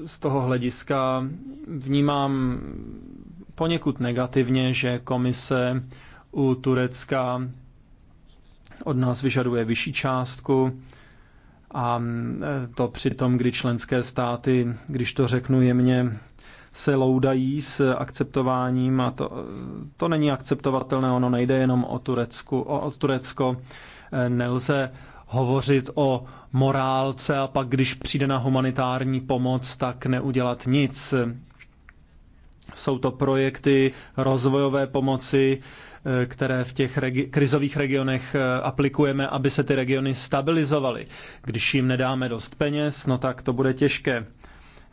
z toho hlediska vnímám poněkud negativně, že komise u Turecka od nás vyžaduje vyšší částku a e, to přitom, kdy členské státy, když to řeknu jemně, se loudají s akceptováním a to, to není akceptovatelné, ono nejde jenom o, Turecku, o, o Turecko, e, nelze hovořit o morálce a pak, když přijde na humanitární pomoc, tak neudělat nic. Jsou to projekty rozvojové pomoci, eh, které v těch regi- krizových regionech eh, aplikujeme, aby se ty regiony stabilizovaly. Když jim nedáme dost peněz, no tak to bude těžké.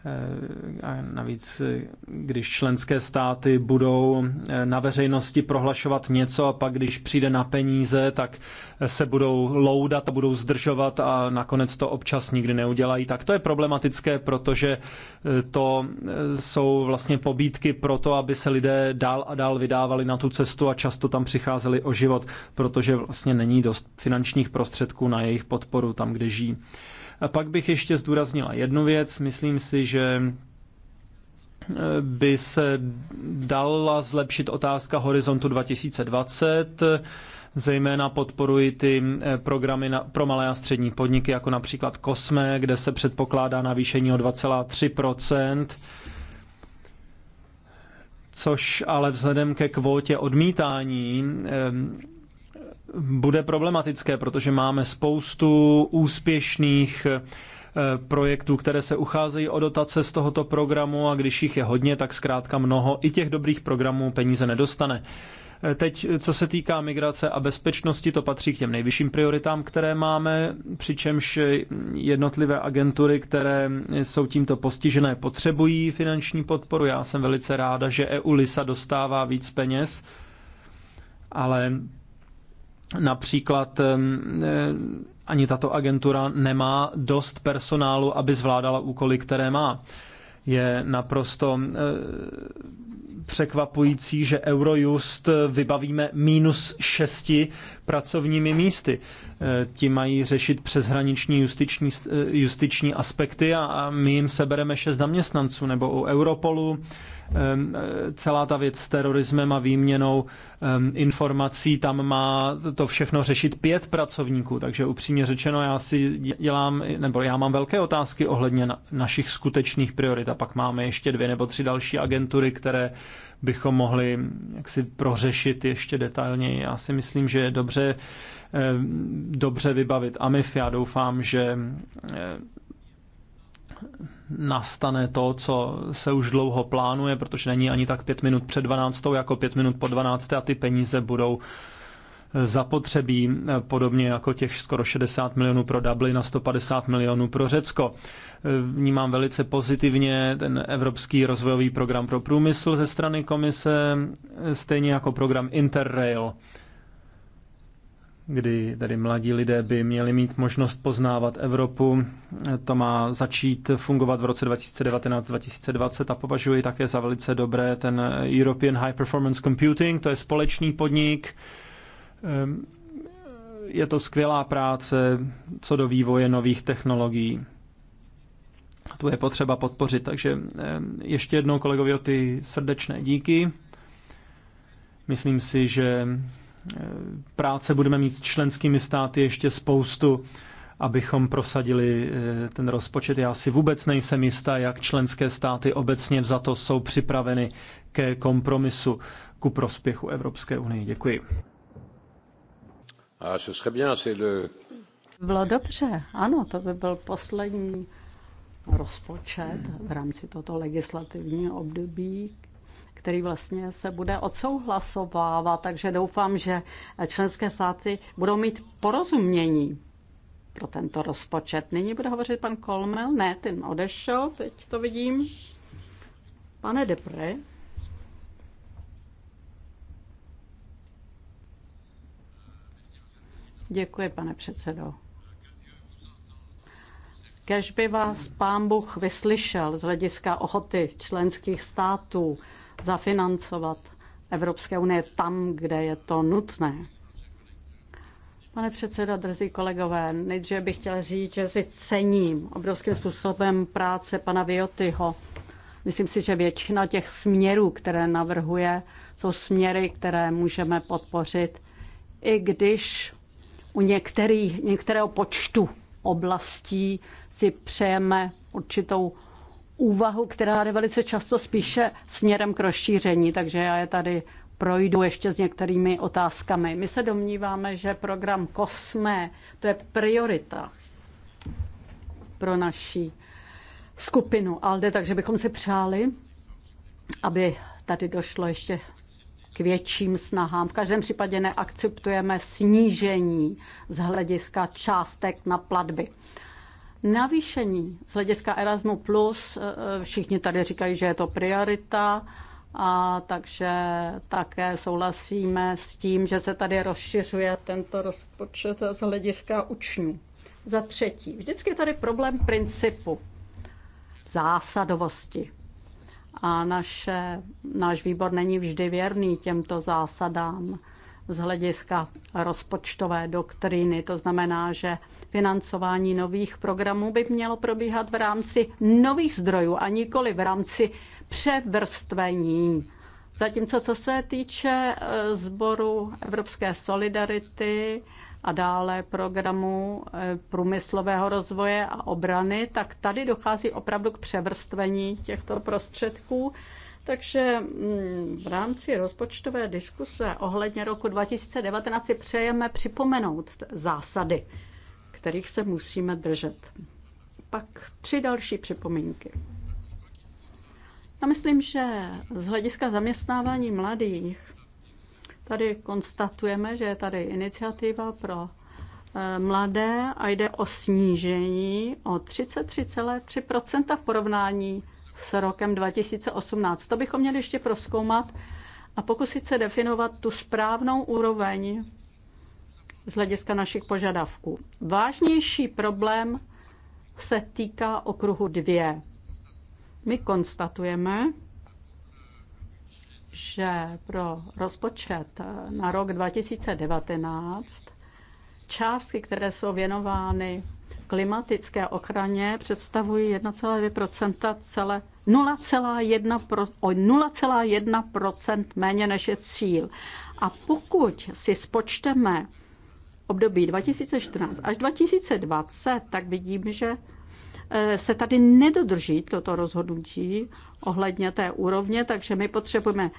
Eh, a navíc, když členské státy budou eh, na veřejnosti prohlašovat něco a pak, když přijde na peníze, tak eh, se budou loudat a budou zdržovat a nakonec to občas nikdy neudělají, tak to je problematické, protože to jsou vlastně pobídky pro to, aby se lidé dál a dál vydávali na tu cestu a často tam přicházeli o život, protože vlastně není dost finančních prostředků na jejich podporu tam, kde žijí. A pak bych ještě zdůraznila jednu věc. Myslím si, že eh, by se dala zlepšit otázka Horizontu 2020. Zejména podporuji ty eh, programy na, pro malé a střední podniky, jako například Kosme, kde se předpokládá navýšení o 2,3 což ale vzhledem ke kvótě odmítání eh, bude problematické, protože máme spoustu úspěšných eh, projektů, které se ucházejí o dotace z tohoto programu a když jich je hodně, tak zkrátka mnoho i těch dobrých programů peníze nedostane. Eh, teď, co se týká migrace a bezpečnosti, to patří k těm nejvyšším prioritám, které máme, přičemž eh, jednotlivé agentury, které jsou tímto postižené, potřebují finanční podporu. Já jsem velice ráda, že EU-LISA dostává víc peněz, ale Například eh, ani tato agentura nemá dost personálu, aby zvládala úkoly, které má. Je naprosto eh, překvapující, že Eurojust vybavíme minus šesti pracovními místy. Eh, ti mají řešit přeshraniční justiční, justiční aspekty a, my jim sebereme šest zaměstnanců, nebo u Europolu Ehm, e, celá ta věc s terorismem a výměnou ehm, informací, tam má to všechno řešit pět pracovníků, takže upřímně řečeno já si dělám, nebo já mám velké otázky ohledně na, našich skutečných priorit a pak máme ještě dvě nebo tři další agentury, které bychom mohli jaksi prořešit ještě detailněji. Já si myslím, že je dobře, ehm, dobře vybavit AMIF. Já doufám, že nastane to, co se už dlouho plánuje, protože není ani tak pět minut před 12, jako pět minut po 12 a ty peníze budou eh, zapotřebí, eh, podobně jako těch skoro 60 milionů pro Dublin a 150 milionů pro Řecko. Eh, vnímám velice pozitivně ten Evropský rozvojový program pro průmysl ze strany komise, stejně jako program Interrail kdy tedy mladí lidé by měli mít možnost poznávat Evropu. To má začít fungovat v roce 2019-2020 a považuji také za velice dobré ten European High Performance Computing, to je společný podnik. Ehm, je to skvělá práce co do vývoje nových technologií. Tu je potřeba podpořit, takže ehm, ještě jednou kolegovi o ty srdečné díky. Myslím si, že práce budeme mít s členskými státy ještě spoustu, abychom prosadili eh, ten rozpočet. Já si vůbec nejsem jistá, jak členské státy obecně za to jsou připraveny ke kompromisu ku prospěchu Evropské unie. Děkuji. Ah, bylo dobře, ano, to by byl poslední rozpočet v rámci tohoto legislativního období, který vlastně se bude odsouhlasovávat, takže doufám, že členské státy budou mít porozumění pro tento rozpočet. Nyní bude hovořit pan Kolmel, ne, ten odešel, teď to vidím. Pane Depre. Děkuji, pane předsedo. Kež by vás pán Bůh vyslyšel z hlediska ochoty členských států zafinancovat Evropské unie tam, kde je to nutné. Pane předsedo, drzí kolegové, nejdříve bych chtěl říct, že si cením obrovským způsobem práce pana Viotyho. Myslím si, že většina těch směrů, které navrhuje, jsou směry, které můžeme podpořit, i když u některých, některého počtu oblastí si přejeme určitou úvahu, která jde velice často spíše směrem k rozšíření, takže já je tady projdu ještě s některými otázkami. My se domníváme, že program COSME to je priorita pro naší skupinu ALDE, takže bychom si přáli, aby tady došlo ještě k větším snahám. V každém případě neakceptujeme snížení z hlediska částek na platby navýšení z hlediska Erasmu+, plus, eh, eh, všichni tady říkají, že je to priorita, a takže také souhlasíme s tím, že se tady rozšiřuje tento rozpočet z hlediska učňů. Za třetí, vždycky je tady problém principu, zásadovosti. A naše, náš výbor není vždy věrný těmto zásadám z hlediska rozpočtové doktríny. To znamená, že financování nových programů by mělo probíhat v rámci nových zdrojů a nikoli v rámci převrstvení. Zatímco co se týče e, sboru Evropské solidarity a dále programu e, průmyslového rozvoje a obrany, tak tady dochází opravdu k převrstvení těchto prostředků takže mm, v rámci rozpočtové diskuse ohledně roku 2019 si přejeme připomenout zásady, kterých se musíme držet. Pak tři další připomínky. Já myslím, že z hlediska zaměstnávání mladých tady konstatujeme, že je tady iniciativa pro Eh, mladé a jde o snížení o 33,3 v porovnání s rokem 2018. To bychom měli ještě proskoumat a pokusit se definovat tu správnou úroveň z hlediska našich požadavků. Vážnější problém se týká okruhu dvě. My konstatujeme, že pro rozpočet na rok 2019 Částky, které jsou věnovány klimatické ochraně, představují 1,2 celé 0,1 méně než je cíl. A pokud si spočteme období 2014 až 2020, tak vidím, že eh, se tady nedodrží toto rozhodnutí ohledně té úrovně, takže my potřebujeme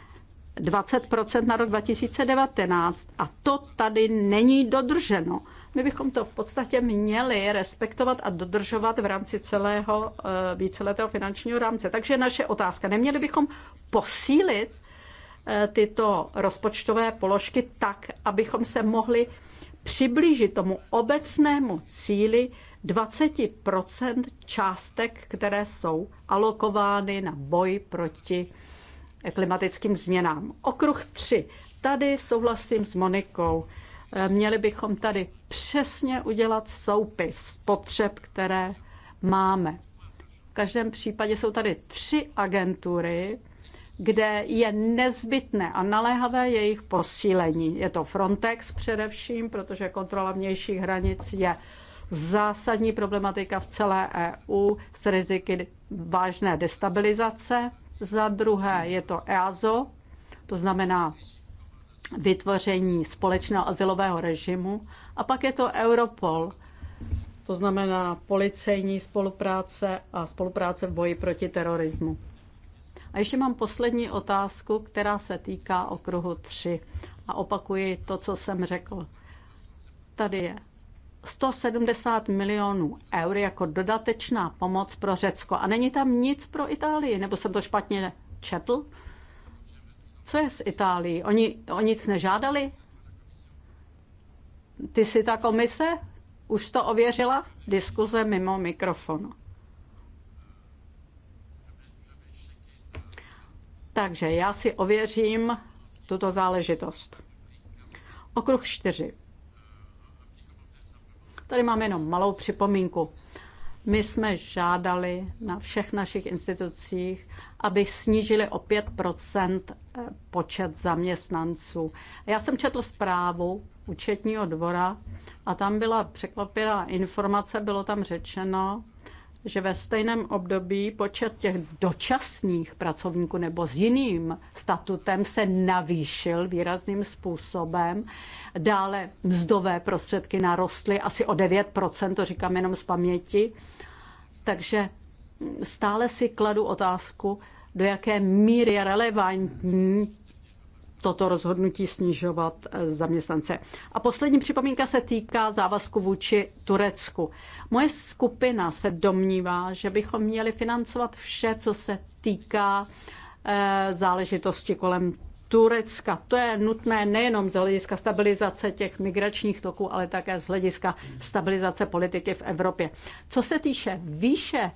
20% na rok 2019. A to tady není dodrženo. My bychom to v podstatě měli respektovat a dodržovat v rámci celého eh, víceletého finančního rámce. Takže naše otázka, neměli bychom posílit eh, tyto rozpočtové položky tak, abychom se mohli přiblížit tomu obecnému cíli 20 částek, které jsou alokovány na boj proti klimatickým změnám. Okruh 3. Tady souhlasím s Monikou. Eh, měli bychom tady přesně udělat soupis potřeb, které máme. V každém případě jsou tady tři agentury, kde je nezbytné a naléhavé jejich posílení. Je to Frontex především, protože kontrola vnějších hranic je zásadní problematika v celé EU s riziky vážné destabilizace. Za druhé je to EASO, to znamená vytvoření společného asilového režimu. A pak je to Europol, to znamená policejní spolupráce a spolupráce v boji proti terorismu. A ještě mám poslední otázku, která se týká okruhu 3. A opakuji to, co jsem řekl. Tady je 170 milionů eur jako dodatečná pomoc pro Řecko. A není tam nic pro Itálii, nebo jsem to špatně četl? Co je s Itálií? Oni o nic nežádali? Ty si ta komise? Už to ověřila? Diskuze mimo mikrofonu. Takže já si ověřím tuto záležitost. Okruh 4. Tady mám jenom malou připomínku. My jsme žádali na všech našich institucích, aby snížili o 5 eh, počet zaměstnanců. Já jsem četl zprávu účetního dvora a tam byla překvapivá informace, bylo tam řečeno, že ve stejném období počet těch dočasných pracovníků nebo s jiným statutem se navýšil výrazným způsobem. Dále mzdové prostředky narostly asi o 9%, to říkám jenom z paměti. Takže stále si kladu otázku, do jaké míry je relevantní toto rozhodnutí snižovat eh, zaměstnance. A poslední připomínka se týká závazku vůči Turecku. Moje skupina se domnívá, že bychom měli financovat vše, co se týká eh, záležitosti kolem Turecka. To je nutné nejenom z hlediska stabilizace těch migračních toků, ale také z hlediska stabilizace politiky v Evropě. Co se týče výše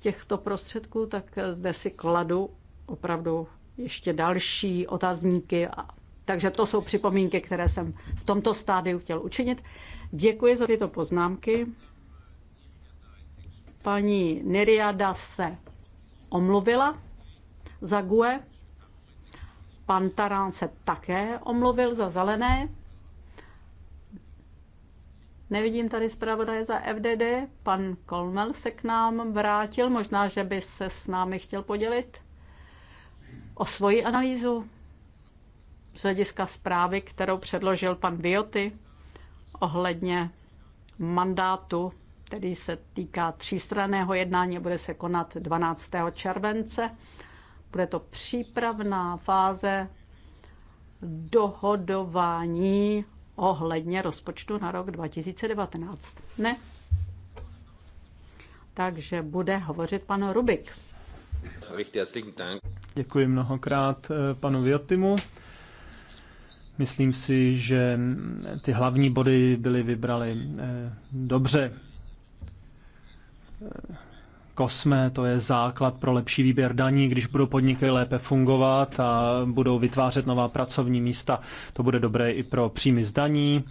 těchto prostředků, tak eh, zde si kladu opravdu ještě další otazníky. Takže to jsou připomínky, které jsem v tomto stádiu chtěl učinit. Děkuji za tyto poznámky. Paní Neriada se omluvila za GUE. Pan Tarán se také omluvil za zelené. Nevidím tady zpravodaje za FDD. Pan Kolmel se k nám vrátil. Možná, že by se s námi chtěl podělit o svoji analýzu z hlediska zprávy, kterou předložil pan Bioty ohledně mandátu, který se týká třístraného jednání, bude se konat 12. července. Bude to přípravná fáze dohodování ohledně rozpočtu na rok 2019. Ne? Takže bude hovořit pan Rubik. Děkuji mnohokrát eh, panu Viotimu. Myslím si, že ty hlavní body byly vybrali eh, dobře. Eh, kosme, to je základ pro lepší výběr daní, když budou podniky lépe fungovat a budou vytvářet nová pracovní místa. To bude dobré i pro příjmy z daní.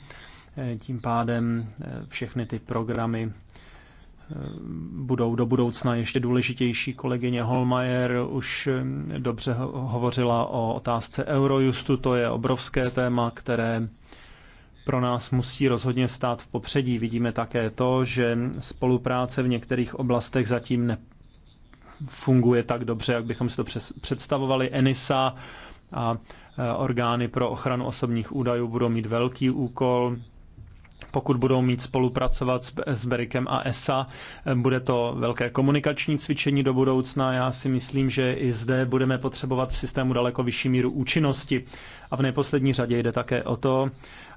Tím pádem všechny ty programy budou do budoucna ještě důležitější. Kolegyně Holmajer už dobře hovořila o otázce Eurojustu, to je obrovské téma, které pro nás musí rozhodně stát v popředí. Vidíme také to, že spolupráce v některých oblastech zatím nefunguje tak dobře, jak bychom si to představovali. ENISA a e, orgány pro ochranu osobních údajů budou mít velký úkol pokud budou mít spolupracovat s, s Berikem a ESA. Eh, bude to velké komunikační cvičení do budoucna. Já si myslím, že i zde budeme potřebovat v systému daleko vyšší míru účinnosti. A v neposlední řadě jde také o to,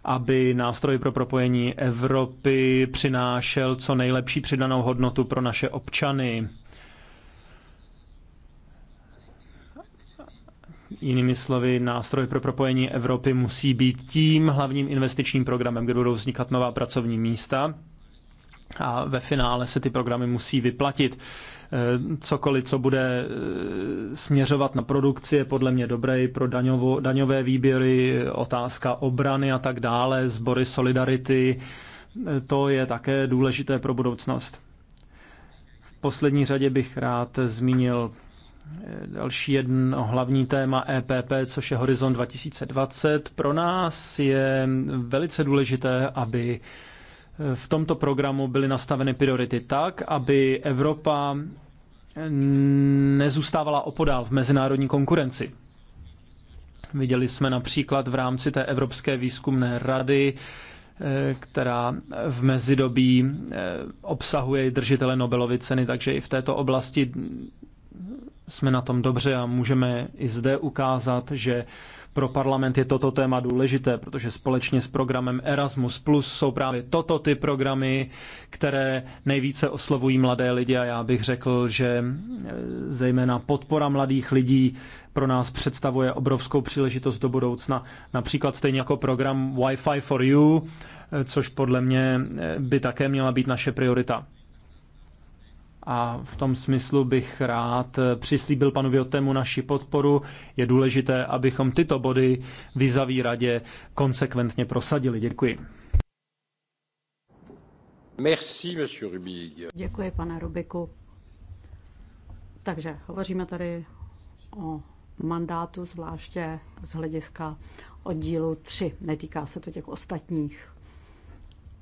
aby nástroj pro propojení Evropy přinášel co nejlepší přidanou hodnotu pro naše občany Jinými slovy, nástroj pro propojení Evropy musí být tím hlavním investičním programem, kde budou vznikat nová pracovní místa a ve finále se ty programy musí vyplatit. Eh, cokoliv, co bude eh, směřovat na produkci, je podle mě dobré pro daňovo, daňové výběry, otázka obrany a tak dále, sbory solidarity. Eh, to je také důležité pro budoucnost. V poslední řadě bych rád zmínil Další jedno hlavní téma EPP, což je Horizon 2020. Pro nás je velice důležité, aby v tomto programu byly nastaveny priority tak, aby Evropa nezůstávala opodál v mezinárodní konkurenci. Viděli jsme například v rámci té Evropské výzkumné rady, která v mezidobí eh, obsahuje držitele Nobelovy ceny, takže i v této oblasti jsme na tom dobře a můžeme i zde ukázat, že pro parlament je toto téma důležité, protože společně s programem Erasmus Plus jsou právě toto ty programy, které nejvíce oslovují mladé lidi a já bych řekl, že e, zejména podpora mladých lidí pro nás představuje obrovskou příležitost do budoucna. Například stejně jako program Wi-Fi for You, e, což podle mě e, by také měla být naše priorita a v tom smyslu bych rád přislíbil panu Viotému naši podporu. Je důležité, abychom tyto body vyzaví radě konsekventně prosadili. Děkuji. Merci, monsieur Rubik. Děkuji, pane Rubiku. Takže hovoříme tady o mandátu, zvláště z hlediska oddílu 3. Netýká se to těch ostatních.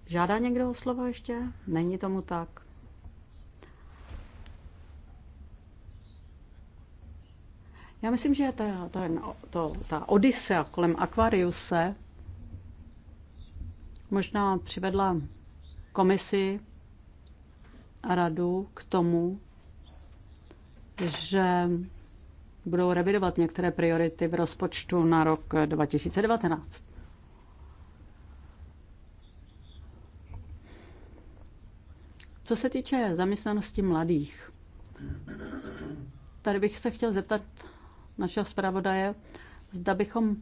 Žádá někdo o slovo ještě? Není tomu tak. Já myslím, že ta, ta, ta, ta odisea kolem Aquariuse možná přivedla komisi a radu k tomu, že budou revidovat některé priority v rozpočtu na rok 2019. Co se týče zaměstnanosti mladých, tady bych se chtěl zeptat našeho zpravodaje, zda bychom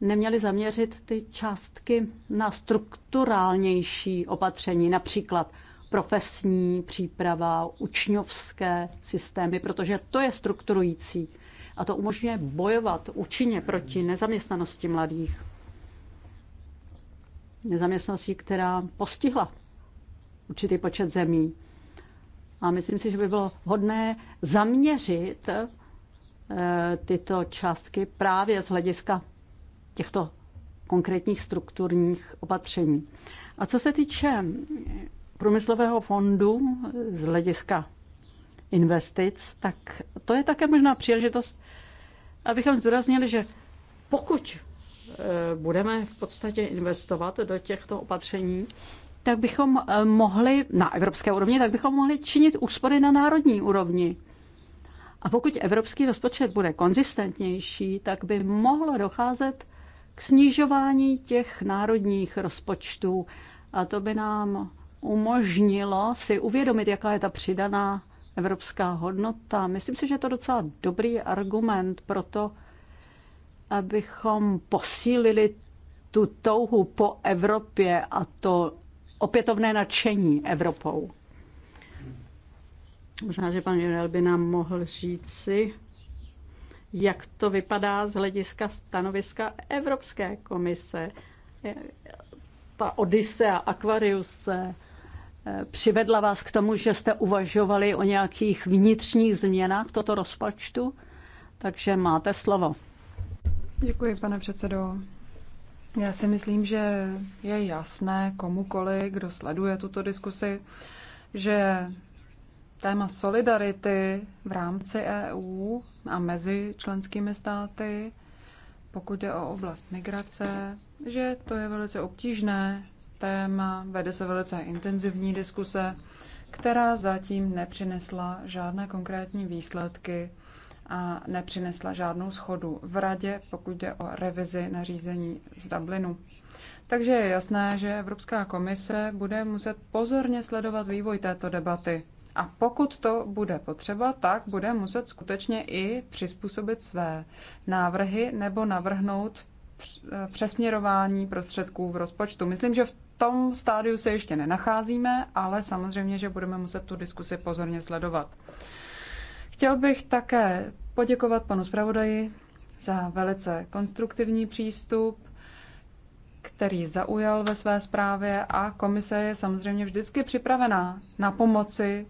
neměli zaměřit ty částky na strukturálnější opatření, například profesní příprava, učňovské systémy, protože to je strukturující a to umožňuje bojovat účinně proti nezaměstnanosti mladých. Nezaměstnanosti, která postihla určitý počet zemí. A myslím si, že by bylo hodné zaměřit Eh, tyto částky právě z hlediska těchto konkrétních strukturních opatření. A co se týče průmyslového fondu z hlediska investic, tak to je také možná příležitost, abychom zdůraznili, že pokud eh, budeme v podstatě investovat do těchto opatření, tak bychom eh, mohli na evropské úrovni, tak bychom mohli činit úspory na národní úrovni. A pokud evropský rozpočet bude konzistentnější, tak by mohlo docházet k snižování těch národních rozpočtů. A to by nám umožnilo si uvědomit, jaká je ta přidaná evropská hodnota. Myslím si, že je to docela dobrý argument pro to, abychom posílili tu touhu po Evropě a to opětovné nadšení Evropou. Možná, že pan Jurel by nám mohl říci, jak to vypadá z hlediska stanoviska Evropské komise. Ta Odyssea Aquarius se eh, přivedla vás k tomu, že jste uvažovali o nějakých vnitřních změnách toto rozpočtu, takže máte slovo. Děkuji, pane předsedo. Já si myslím, že je jasné komukoli, kdo sleduje tuto diskusi, že téma solidarity v rámci EU a mezi členskými státy, pokud je o oblast migrace, že to je velice obtížné téma, vede se velice intenzivní diskuse, která zatím nepřinesla žádné konkrétní výsledky a nepřinesla žádnou schodu v radě, pokud jde o revizi nařízení z Dublinu. Takže je jasné, že Evropská komise bude muset pozorně sledovat vývoj této debaty a pokud to bude potřeba, tak bude muset skutečně i přizpůsobit své návrhy nebo navrhnout eh, přesměrování prostředků v rozpočtu. Myslím, že v tom stádiu se ještě nenacházíme, ale samozřejmě, že budeme muset tu diskusi pozorně sledovat. Chtěl bych také poděkovat panu zpravodaji za velice konstruktivní přístup, který zaujal ve své zprávě a komise je samozřejmě vždycky připravená na pomoci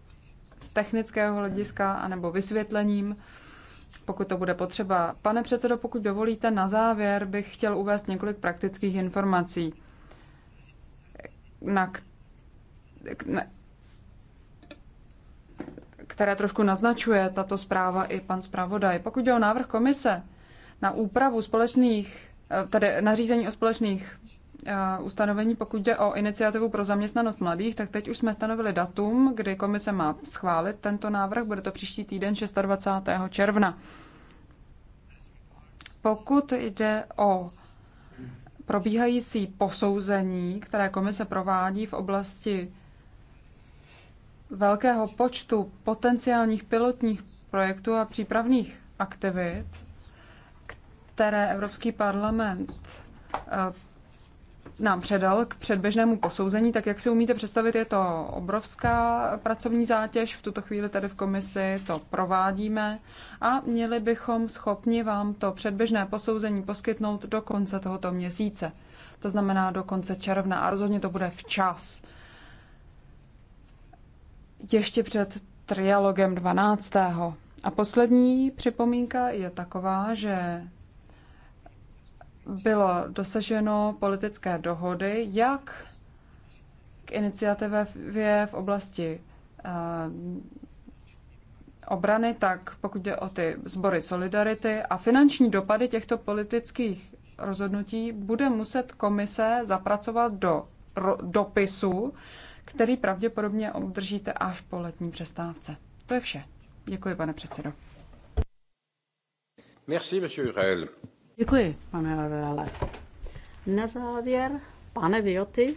z technického hlediska anebo vysvětlením, pokud to bude potřeba. Pane předsedo, pokud dovolíte, na závěr bych chtěl uvést několik praktických informací, na, na, které trošku naznačuje tato zpráva i pan zpravodaj. Pokud jde o návrh komise na úpravu společných, eh, tedy nařízení o společných Eh, ustanovení, pokud jde o iniciativu pro zaměstnanost mladých, tak teď už jsme stanovili datum, kdy komise má schválit tento návrh. Bude to příští týden 26. června. Pokud jde o probíhající posouzení, které komise provádí v oblasti velkého počtu potenciálních pilotních projektů a přípravných aktivit, které Evropský parlament eh, nám předal k předběžnému posouzení, tak jak si umíte představit, je to obrovská pracovní zátěž. V tuto chvíli tady v komisi to provádíme a měli bychom schopni vám to předběžné posouzení poskytnout do konce tohoto měsíce. To znamená do konce června a rozhodně to bude včas. Ještě před trialogem 12. A poslední připomínka je taková, že bylo dosaženo politické dohody, jak k iniciativě v oblasti eh, obrany, tak pokud jde o ty sbory solidarity a finanční dopady těchto politických rozhodnutí, bude muset komise zapracovat do dopisu, který pravděpodobně obdržíte až po letní přestávce. To je vše. Děkuji, pane předsedo. Merci, monsieur Israel. Děkuji, pane Orele. Na závěr, pane Vioty.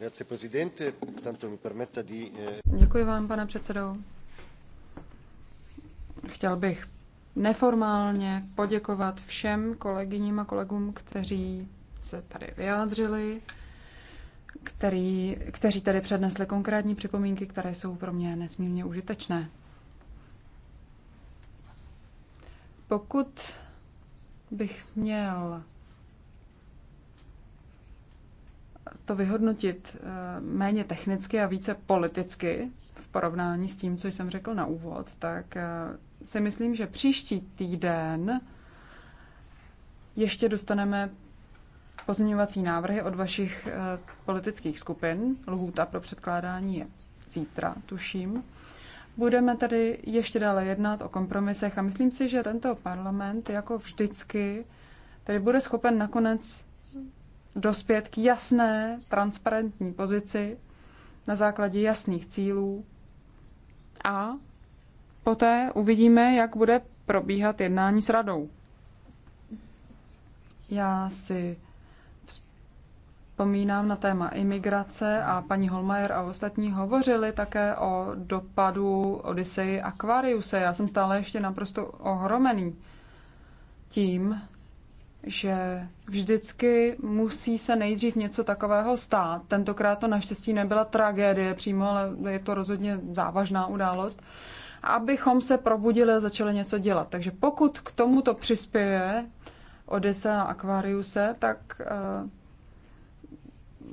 Eh, Děkuji vám, pane předsedo. Chtěl bych neformálně poděkovat všem kolegyním a kolegům, kteří se tady vyjádřili, který, kteří tady přednesli konkrétní připomínky, které jsou pro mě nesmírně užitečné. Pokud bych měl to vyhodnotit eh, méně technicky a více politicky v porovnání s tím, co jsem řekl na úvod, tak eh, si myslím, že příští týden ještě dostaneme pozměňovací návrhy od vašich eh, politických skupin. Lhůta pro předkládání je zítra, tuším. Budeme tady ještě dále jednat o kompromisech a myslím si, že tento parlament, jako vždycky, tedy bude schopen nakonec dospět k jasné, transparentní pozici na základě jasných cílů a poté uvidíme, jak bude probíhat jednání s radou. Já si vzpomínám na téma imigrace a paní Holmajer a ostatní hovořili také o dopadu Odyssey Aquariuse. Já jsem stále ještě naprosto ohromený tím, že vždycky musí se nejdřív něco takového stát. Tentokrát to naštěstí nebyla tragédie přímo, ale je to rozhodně závažná událost abychom se probudili a začali něco dělat. Takže pokud k tomuto přispěje Odessa a Aquariuse, tak uh,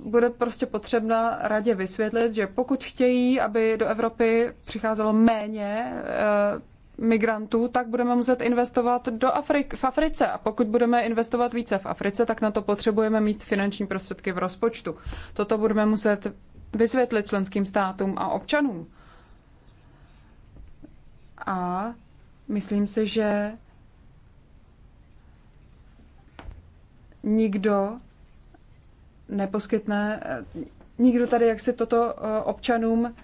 bude prostě potřebna radě vysvětlit, že pokud chtějí, aby do Evropy přicházelo méně eh, migrantů, tak budeme muset investovat do Afrik, v Africe. A pokud budeme investovat více v Africe, tak na to potřebujeme mít finanční prostředky v rozpočtu. Toto budeme muset vysvětlit členským státům a občanům. A myslím si, že nikdo neposkytne. Nikdo tady jaksi toto eh, občanům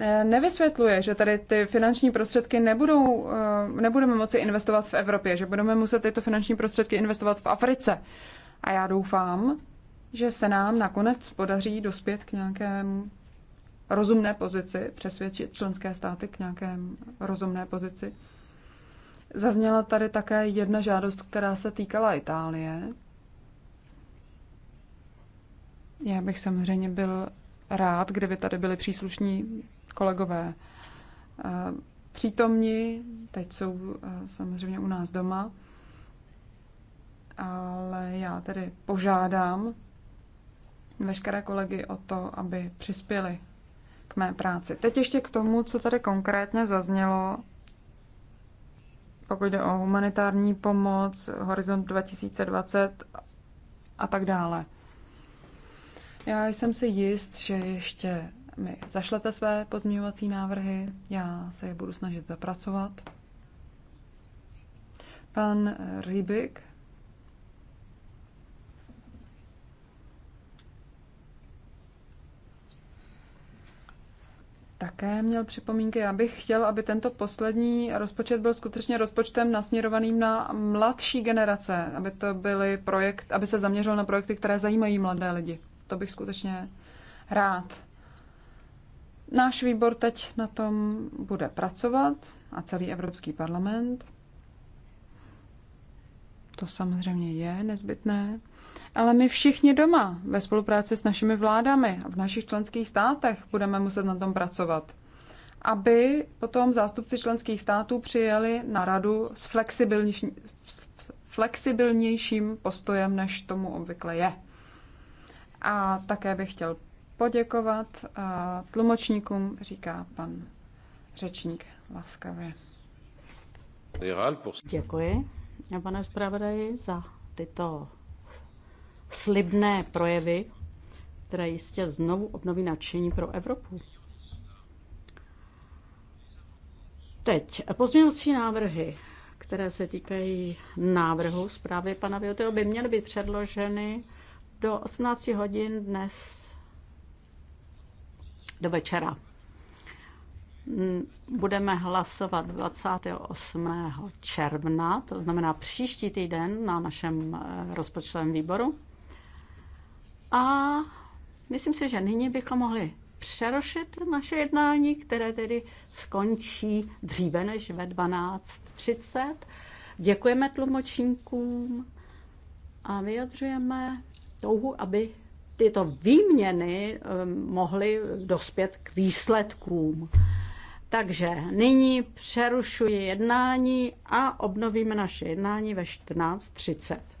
eh, nevysvětluje, že tady ty finanční prostředky nebudou, eh, nebudeme moci investovat v Evropě, že budeme muset tyto finanční prostředky investovat v Africe. A já doufám, že se nám nakonec podaří dospět k nějakému rozumné pozici, přesvědčit členské státy k nějaké rozumné pozici. Zazněla tady také jedna žádost, která se týkala Itálie. Já bych samozřejmě byl rád, kdyby tady byli příslušní kolegové eh, Přítomní teď jsou eh, samozřejmě u nás doma, ale já tedy požádám veškeré kolegy o to, aby přispěli k mé práci. Teď ještě k tomu, co tady konkrétně zaznělo, pokud jde o humanitární pomoc, Horizont 2020 a tak dále. Já jsem si jist, že ještě mi zašlete své pozměňovací návrhy, já se je budu snažit zapracovat. Pan Rybik. Také měl připomínky. Já bych chtěl, aby tento poslední rozpočet byl skutečně rozpočtem nasměrovaným na mladší generace, aby to byly projekt, aby se zaměřil na projekty, které zajímají mladé lidi. To bych skutečně rád. Náš výbor teď na tom bude pracovat a celý Evropský parlament. To samozřejmě je nezbytné. Ale my všichni doma, ve spolupráci s našimi vládami a v našich členských státech, budeme muset na tom pracovat. Aby potom zástupci členských států přijeli na radu s flexibilnějším postojem, než tomu obvykle je. A také bych chtěl poděkovat tlumočníkům, říká pan řečník laskavě. Děkuji, pane zpravodaji, za tyto slibné projevy, které jistě znovu obnoví nadšení pro Evropu. Teď pozměňovací návrhy, které se týkají návrhu zprávy pana Vyoteho, by měly být předloženy do 18 hodin dnes do večera. Mm, budeme hlasovat 28. června, to znamená příští týden na našem eh, rozpočtovém výboru. A myslím si, že nyní bychom mohli přerušit naše jednání, které tedy skončí dříve než ve 12.30. Děkujeme tlumočníkům a vyjadřujeme touhu, aby tyto výměny ehm, mohly dospět k výsledkům. Takže nyní přerušuji jednání a obnovíme naše jednání ve 14.30.